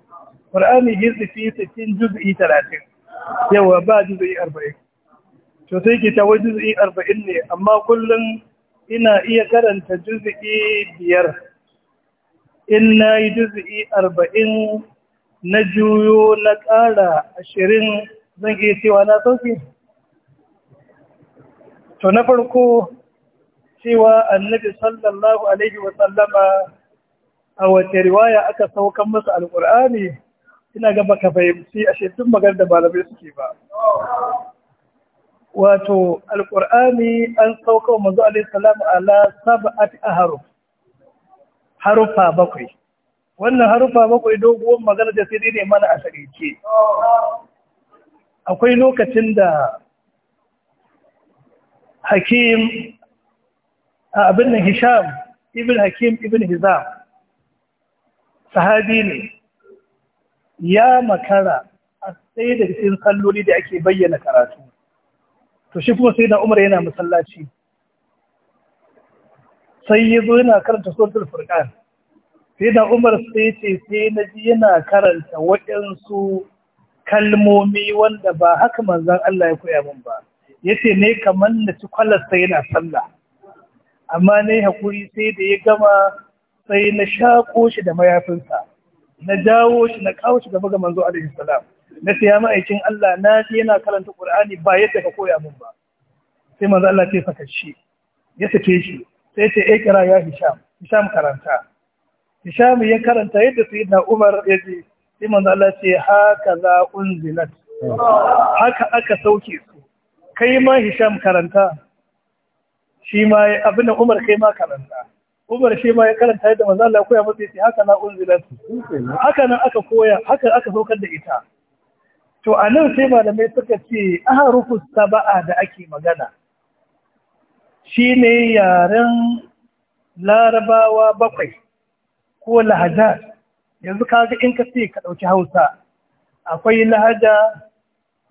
qur'ani hizbi 60 juzi'i talatin. yawa ba juzi'i arba'in? to sai ke ta juzi'i arba'in ne amma kullum ina iya karanta juzi'i biyar in na yi juzi'i arba'in na juyo na ƙara ashirin, zan iya cewa na sauke to na farko cewa annabi sallallahu alaihi wa sallama a wace riwaya aka saukan masa alkur'ani ina ga baka fahimci a duk magar da malamai suke ba wato alkur'ani an sauka wa mazu alaihi salam ala sab'at ahruf harufa bakwai wannan harufa bakwai doguwar magana da sai ne mana a sarike akwai lokacin da hakim A abin da hisham ibn hakim ibn hizam sahabi ne ya makara a tsaye da cikin salloli da ake bayyana karatu to shi kuma sai na umar yana masallaci sai yi zo yana karanta suratul furkan. sai na umar sai ce sai na ji yana karanta waɗansu kalmomi wanda ba haka manzan Allah ya koya min ba yace ne kamar na ci yana sallah amma na yi haƙuri sai da ya gama sai na shaƙo shi da mayafinsa na jawo shi na kawo shi gaba ga manzo alaihi salam na siya ma'aikin Allah na ji yana karanta Qur'ani ba yadda ka koya min ba sai manzo Allah ce saka shi ya sake shi sai ce eh kira ya Hisham Hisham karanta Hisham ya karanta yadda da Umar ya ji sai manzo Allah ce haka za unzilat haka aka sauke su kai ma Hisham karanta shi ma abin da Umar kai ma karanta Umar shi ma ya karanta yadda maza Allah ya koya masa yace haka na su. haka nan aka koya haka aka saukar da ita to a nan sai malamai suka ce aharufus saba'a da ake magana shine yaren larabawa bakwai ko lahaja yanzu kaga in ka ce ka dauki Hausa akwai lahaja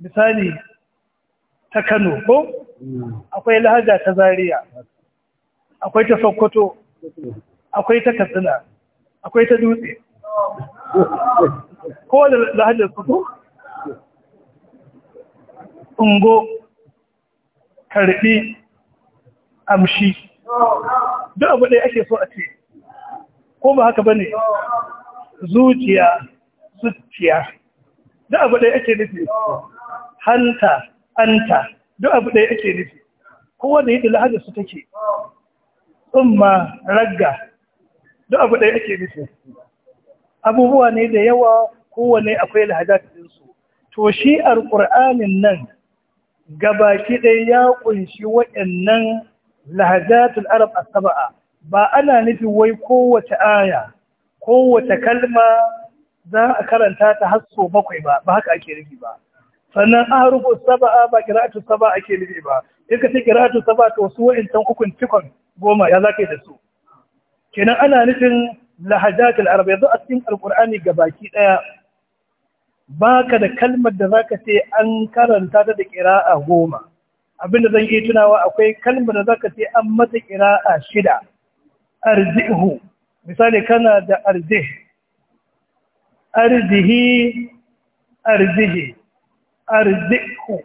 misali ta Kano ko akwai lahaja ta Zaria akwai ta Sokoto akwai ta Katsina akwai ta Dutse ko da lahajar Sokoto ungo karbi amshi duk abu ɗaya ake so a ce ko ba haka ba ne zuciya zuciya duk abu ɗaya ake nufi hanta anta duk abu ɗaya ake nufi kowa da lahajar su take umma ragga duk abu ɗaya ake nufi abubuwa ne da yawa kowane akwai lahajar ɗinsu to shi alƙur'anin nan gabaki ɗaya ya ƙunshi waɗannan lahajatul arab asaba'a ba ana nufi wai kowace aya kowace kalma za a karanta ta har bakwai ba ba haka ake nufi ba sannan aharufu saba'a ba kiratu saba ake nufi ba in ka ce kiratu saba to su wa'intan ukun cikon goma ya zaka yi da su kenan ana nufin lahajatul arab yanzu a cikin alqur'ani gabaki daya baka da kalmar da zaka ce an karanta ta da a goma abinda zan yi tunawa akwai kalmar da zaka ce an mata kira'a shida arzihu misali kana da arzih arzihi arzihi arzihu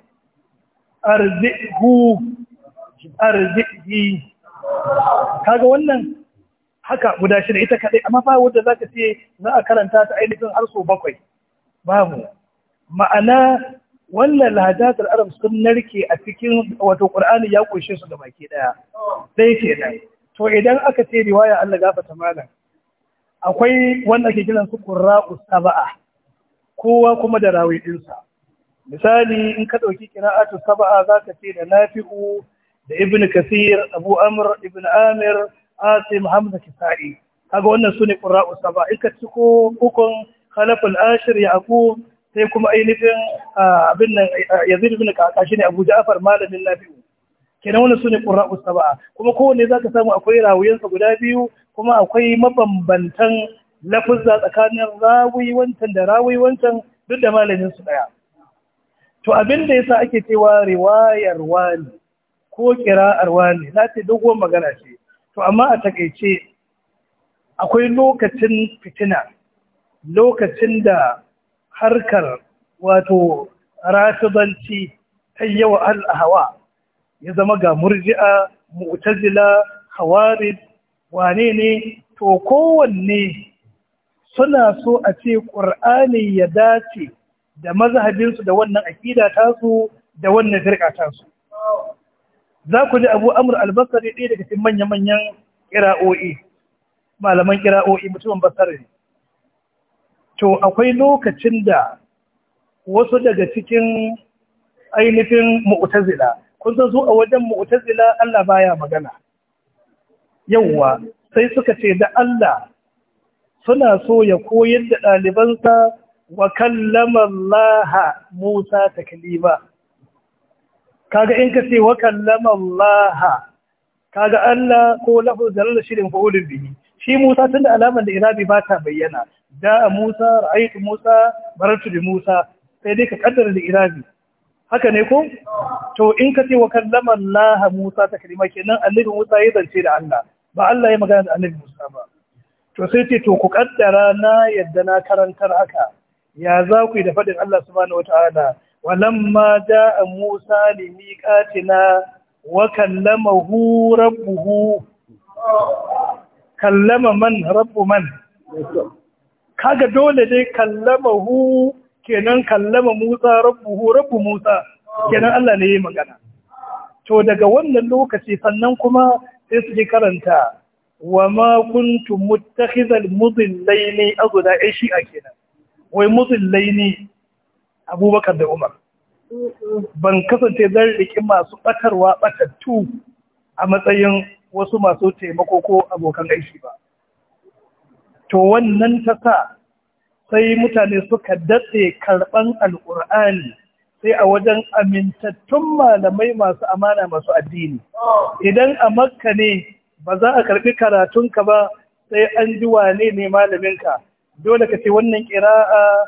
arzihu arzihi kaga wannan haka guda shida ita kadai amma fa wanda zaka ce za a karanta ta ainihin har so bakwai babu ma'ana wannan lahadatul arab sun narke a cikin wato qur'ani ya kunshe su gabaki daya sai kenan to idan aka ce riwaya Allah gafarta malam akwai wanda ke kiran su qurra'u sab'a kowa kuma da rawi misali in ka ɗauki kira'atu saba'a za ka ce da nafi'u da ibn kasir abu amr ibn amir asim hamza kisa'i kaga wannan sune qurra'u saba'a in ka ciko ukun khalaful ashir yaqub sai kuma ainihin abin nan yazid ibn kakashi Abuja abu ja'far malamin nafi'u kenan wannan sune qurra'u saba'a kuma kowanne zaka samu akwai rawuyansa guda biyu kuma akwai mabambantan lafuzza tsakanin rawi wancan da rawi wancan duk da malamin su daya to abin da yasa ake cewa riwayar wani ko kira'ar wani za ta dogon magana ce to amma a takaice akwai lokacin fitina lokacin da harkar wato rafibanci ta yawa al'ahawa ya zama ga murji'a mu'tazila hawarid wane ne to kowanne suna so a ce ƙur'ani ya dace da mazhabinsu da wannan aƙida tasu da wannan firka tasu za ku ji abu amur albasari ɗaya daga cikin manya-manyan ƙira'o'i malaman ƙira'o'i mutumin basar ne to akwai lokacin da wasu daga cikin ainihin mu'tazila kun san su a wajen mu'tazila Allah baya magana yawwa sai suka ce da Allah suna so ya koyar da ɗalibansa wa kallama Allah Musa taklima kaga in ka wa kallama kaga Allah ko lafu zalal shirin fa'ulun bihi shi Musa tunda alamar da irabi ba ta bayyana da Musa ra'aytu Musa baratu bi Musa sai dai ka kaddara da irabi haka ne ko to in ka ce wa kallama Musa taklima kenan annabi Musa ya zance da Allah ba Allah ya magana da annabi Musa ba to sai ce to ku kaddara na yadda na karantar haka ya za ku yi da faɗin Allah subhanahu ma ja a Musa mi katina wa kallama hu Rabbu hu, kallama man rabbu man kaga dole dai hu kenan kallama Musa hu rabbu Musa kenan Allah ne ya magana to daga wannan lokaci sannan kuma sai su karanta wa ma kuntum muttakhizal mudillaini azda shi a kenan wai mutsillai ne abubakar da umar ban kasance zan riƙi masu ɓatarwa ɓatattu a matsayin wasu masu taimako ko abokan aiki ba to wannan ta sa sai mutane suka datse karɓan alƙur'ani sai a wajen amintattun malamai masu amana masu addini idan a makka ne ba za a karɓi karatunka ba sai an ji wane ne malaminka dole ka ce wannan ƙira'a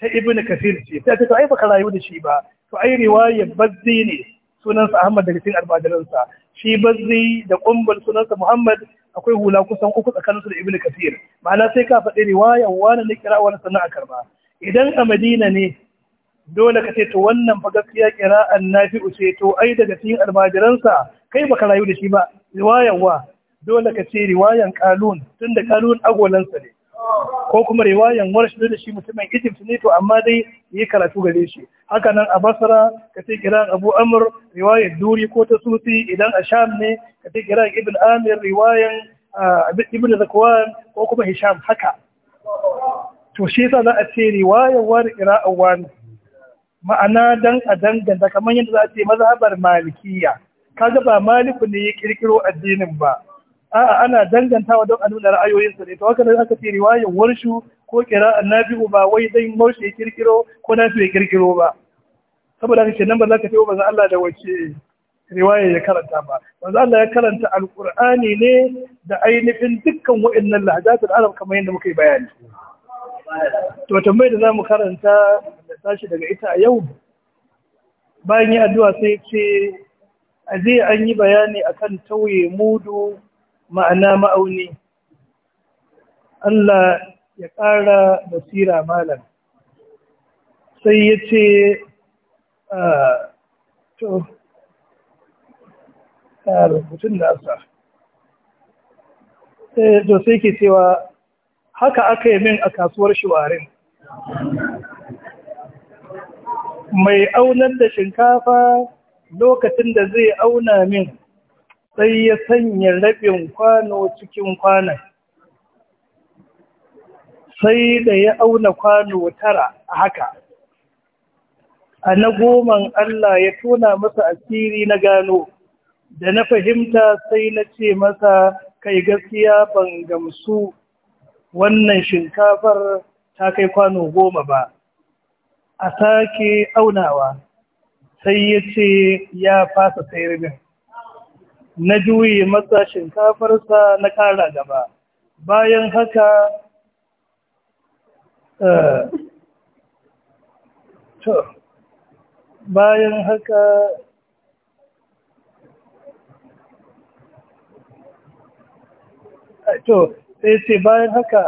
ta ibn kasir ce sai to ai baka rayu da shi ba to ai riwayar bazzi ne sunansa ahmad daga cikin almajiransa shi bazzi da kumbul sunansa muhammad akwai hula kusan uku tsakaninsu da ibn kasir ma'ana sai ka faɗi riwaya wani na ƙira'a wani sannan a karba idan a madina ne dole ka ce to wannan fa gaskiya ƙira'an nafi'u ce to ai daga cikin almajiransa kai baka rayu da shi ba riwayan wa dole ka ce riwayan kalun tunda kalun agolansa ne ko kuma riwayan shi da shi mutumin Egypt ne to amma dai yi karatu gare shi haka nan a Basra ka ce kiran Abu Amr riwayar Duri ko ta Sufi idan a Sham ne ka ce kiran Ibn Amir riwayan ah, Ibn Zakwan ko kuma Hisham haka to shi yasa za a ce riwayar wani qira'an wani ma'ana dan a danganta kamar yadda za a ce mazhabar malikiya kaga ba maliku ne ya kirkiro addinin ba a'a ana dangantawa don a nuna ra'ayoyinsa ne to haka nan aka ce riwayar warshu ko kira annabi'u ba wai dai maushe kirkiro ko na ya kirkiro ba saboda haka kenan ba za ka ba za Allah da wace riwaya ya karanta ba za Allah ya karanta alqur'ani ne da ainihin dukkan wa'annan lahajatul arab kamar yadda muka yi bayani to tambayar da zamu karanta da tashi daga ita a yau bayan yi addu'a sai ce a zai an yi bayani akan tauye mudu ma'ana ma'auni Allah ya ƙara basira malam sai ya ce ah, to rubutun da asa to sai ke cewa haka aka yi min a kasuwar shiwarin mai aunar da shinkafa lokacin da zai auna min sai ya sanya rabin kwano cikin kwanan sai da ya auna kwano tara a haka a na goman Allah ya tona masa asiri na gano da na fahimta sai na ce masa kai gaskiya ban gamsu wannan shinkafar ta kai kwano goma ba a sake aunawa sai ya ce ya fasa sayar min na juyi masa shinkafarsa na kara gaba bayan haka eh, bayan haka eh, to sai ce bayan haka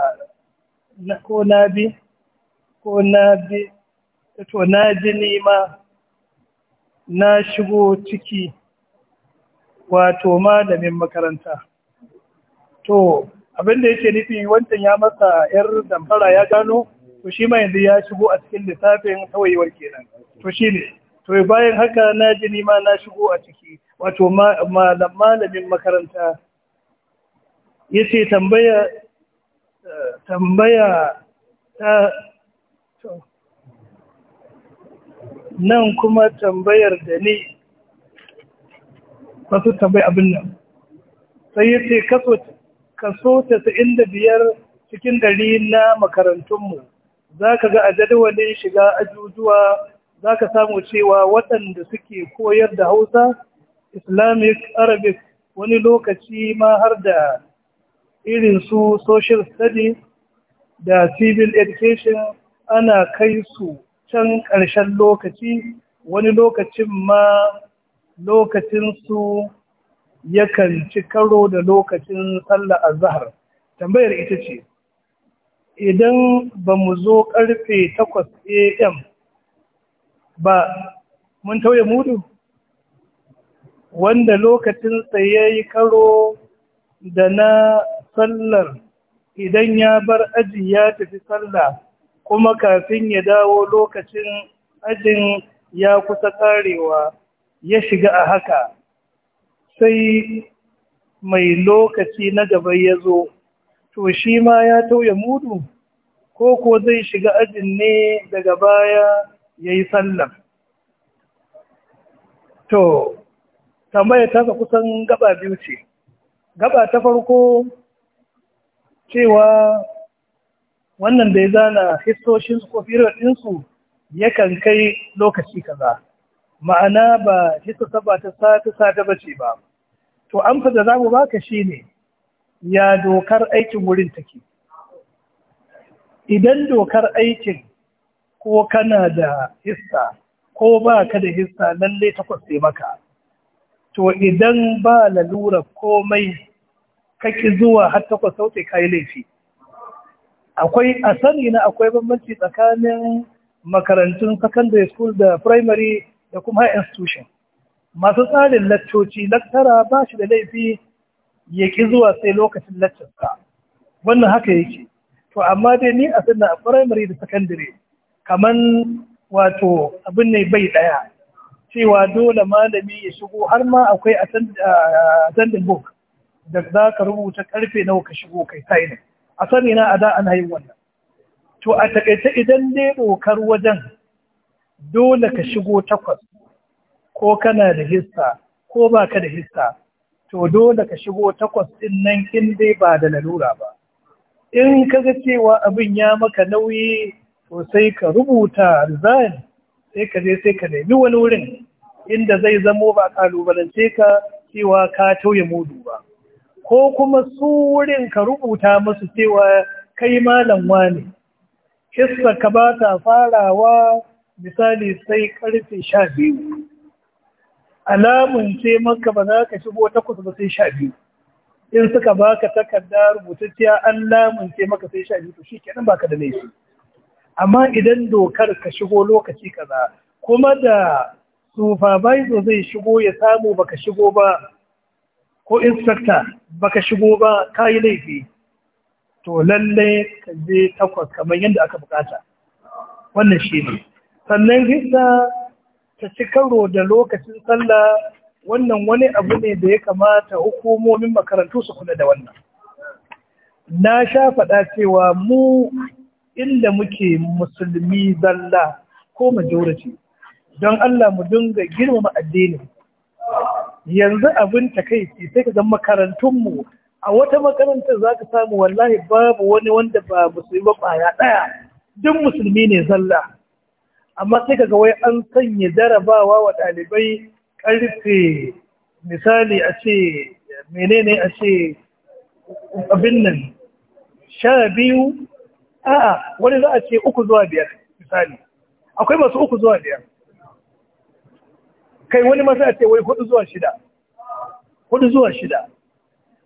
na ko na bi ko na bi to na ji nima na shigo ciki wato malamin makaranta to abin da yake nufi wancan ya masa yar damfara ya gano to shi ma yanzu ya shigo a cikin lissafin tawayewar kenan to shi ne to bayan haka na ji ni ma na shigo a ciki wato malamin makaranta ya ce tambaya tambaya ta nan kuma tambayar da ni kaso tambayi abin nan sai ya ce kaso tasa'in da biyar cikin ɗari na makarantunmu za ka ga a jadawalin shiga ajujuwa za ka samu cewa waɗanda suke koyar da hausa islamic arabic wani lokaci ma har da irin su social studies da civil education ana kai su can ƙarshen lokaci wani lokacin ma lokacinsu yakan ci karo da lokacin sallah zahar, tambayar ita ce idan ba mu zo karfe 8 am ba mun tauye mudu wanda lokacin tsayayi karo da na sallar idan ya bar aji ya tafi sallah kuma kafin ya dawo lokacin ajin ya kusa karewa ya shiga a haka sai mai lokaci na gaba ya zo to shi ma ya tauye mudu ko ko zai shiga ajin ne daga baya ya yi sallar. to tambaya ta kusan gaba biyu ce gaba ta farko cewa wannan da ya zana histoshinsu ko ɗinsu yakan kai lokaci kaza ma'ana ba hissa ba ta sata sata bace ba to amsa da zamu baka ne ya dokar aikin wurin take idan dokar aikin ko kana da hissa ko ba ka da hissa lallai takwas sai maka to idan ba lalura komai kake zuwa har takwas ka kayi laifi akwai a sani na akwai bambanci tsakanin makarantun sakandare school da primary da kuma institution masu tsarin laccoci laktara ba shi da laifi ya ki zuwa sai lokacin laccarsa wannan haka yake to amma dai ni a sannan a primary da secondary kaman wato abin ne bai daya cewa dole malami ya shigo har ma akwai attending book da za ka rubuta karfe nawa ka shigo kai signing a sani na a da an yin wannan to a takaice idan dai dokar wajen dole ka shigo takwas ko kana da hissa ko ba ka da hissa to dole ka shigo takwas ɗin nan in dai ba da lalura ba in ka ga cewa abin ya maka nauyi to sai ka rubuta resign sai ka je sai ka nemi wani wurin inda zai zamo ba kalubalance ka cewa ka tauye mudu ba ko kuma su wurin ka rubuta musu cewa kai malam ne. hissa ka ba ta farawa misali sai karfe sha biyu alamun ce maka ba za ka shigo takwas ba sai sha biyu in suka baka takarda rubutacciya an lamunce maka sai sha biyu to shi kenan baka da laifi amma idan dokar ka shigo lokaci kaza kuma da supervisor zai shigo ya samu baka shigo ba ko inspector baka shigo ba ka yi laifi to lallai ka je takwas kamar yadda aka bukata wannan shi ne sannan hidda ta ci karo da lokacin sallah wannan wani abu ne da ya kamata hukumomin makarantu su kula da wannan na sha faɗa cewa mu inda muke musulmi zalla ko majority don Allah mu dinga girmama addini yanzu abin ta ce sai ka ga makarantunmu a wata makarantar za ka samu wallahi babu wani wanda ba musulmi ba ɗaya duk musulmi ne zalla amma sai kaga wai an sanya jarabawa wa ɗalibai karfe, misali a ce menene a ce abin nan sha biyu a'a wani za a ce uku zuwa biyar misali akwai masu uku zuwa biyar kai wani masu a ce wai hudu zuwa shida hudu zuwa shida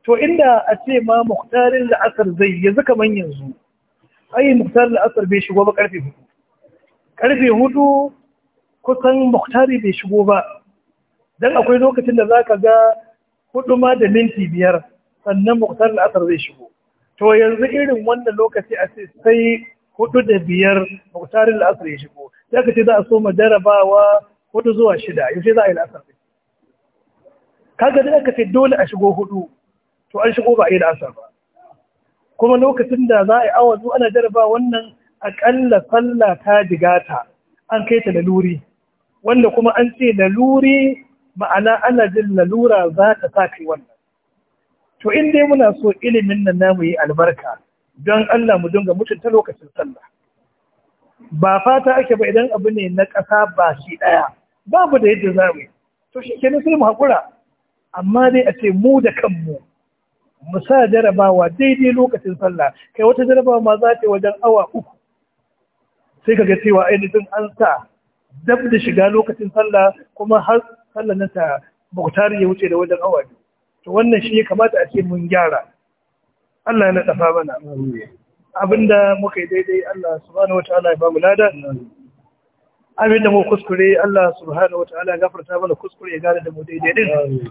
to inda a ce ma muktarin la'asar zai yanzu kamar yanzu ayi muktarin la'asar bai shigo ba karfe hudu karfe hudu kusan muktari bai shigo ba don akwai lokacin da za ka ga hudu ma da minti biyar sannan muktar la'asar zai shigo to yanzu irin wannan lokaci a ce sai hudu da biyar muktarin la'asar ya shigo za ka ce za a so ma jarabawa hudu zuwa shida yaushe za a yi la'asar ne kaga da aka ce dole a shigo hudu to an shigo ba a yi la'asar ba kuma lokacin da za a yi awa zuwa ana jarabawa wannan aƙalla sallah ta jigata an kai ta laluri wanda kuma an ce laluri ma'ana ana jin lalura za ta sa kai wannan to in dai muna so ilimin nan namu yi albarka don Allah mu dinga mutunta lokacin sallah ba fata ake ba idan abu ne na ƙasa ba shi ɗaya babu da yadda za mu to shi ke sai mu haƙura amma dai a ce mu da kanmu mu sa jarabawa daidai lokacin sallah kai wata jarabawa ma za ta wajen awa uku sai ka ga cewa ainihin an sa dab da shiga lokacin sallah kuma har sallah na ta bautari ya wuce da wajen awa ne. to wannan shi ya kamata a ce mun gyara Allah ya nadafa mana abinda muka yi daidai Allah subhanahu wataala ya ba mu lada abinda mu kuskure Allah subhanahu wataala ya gafarta mana kuskure ya gane da mu daidai din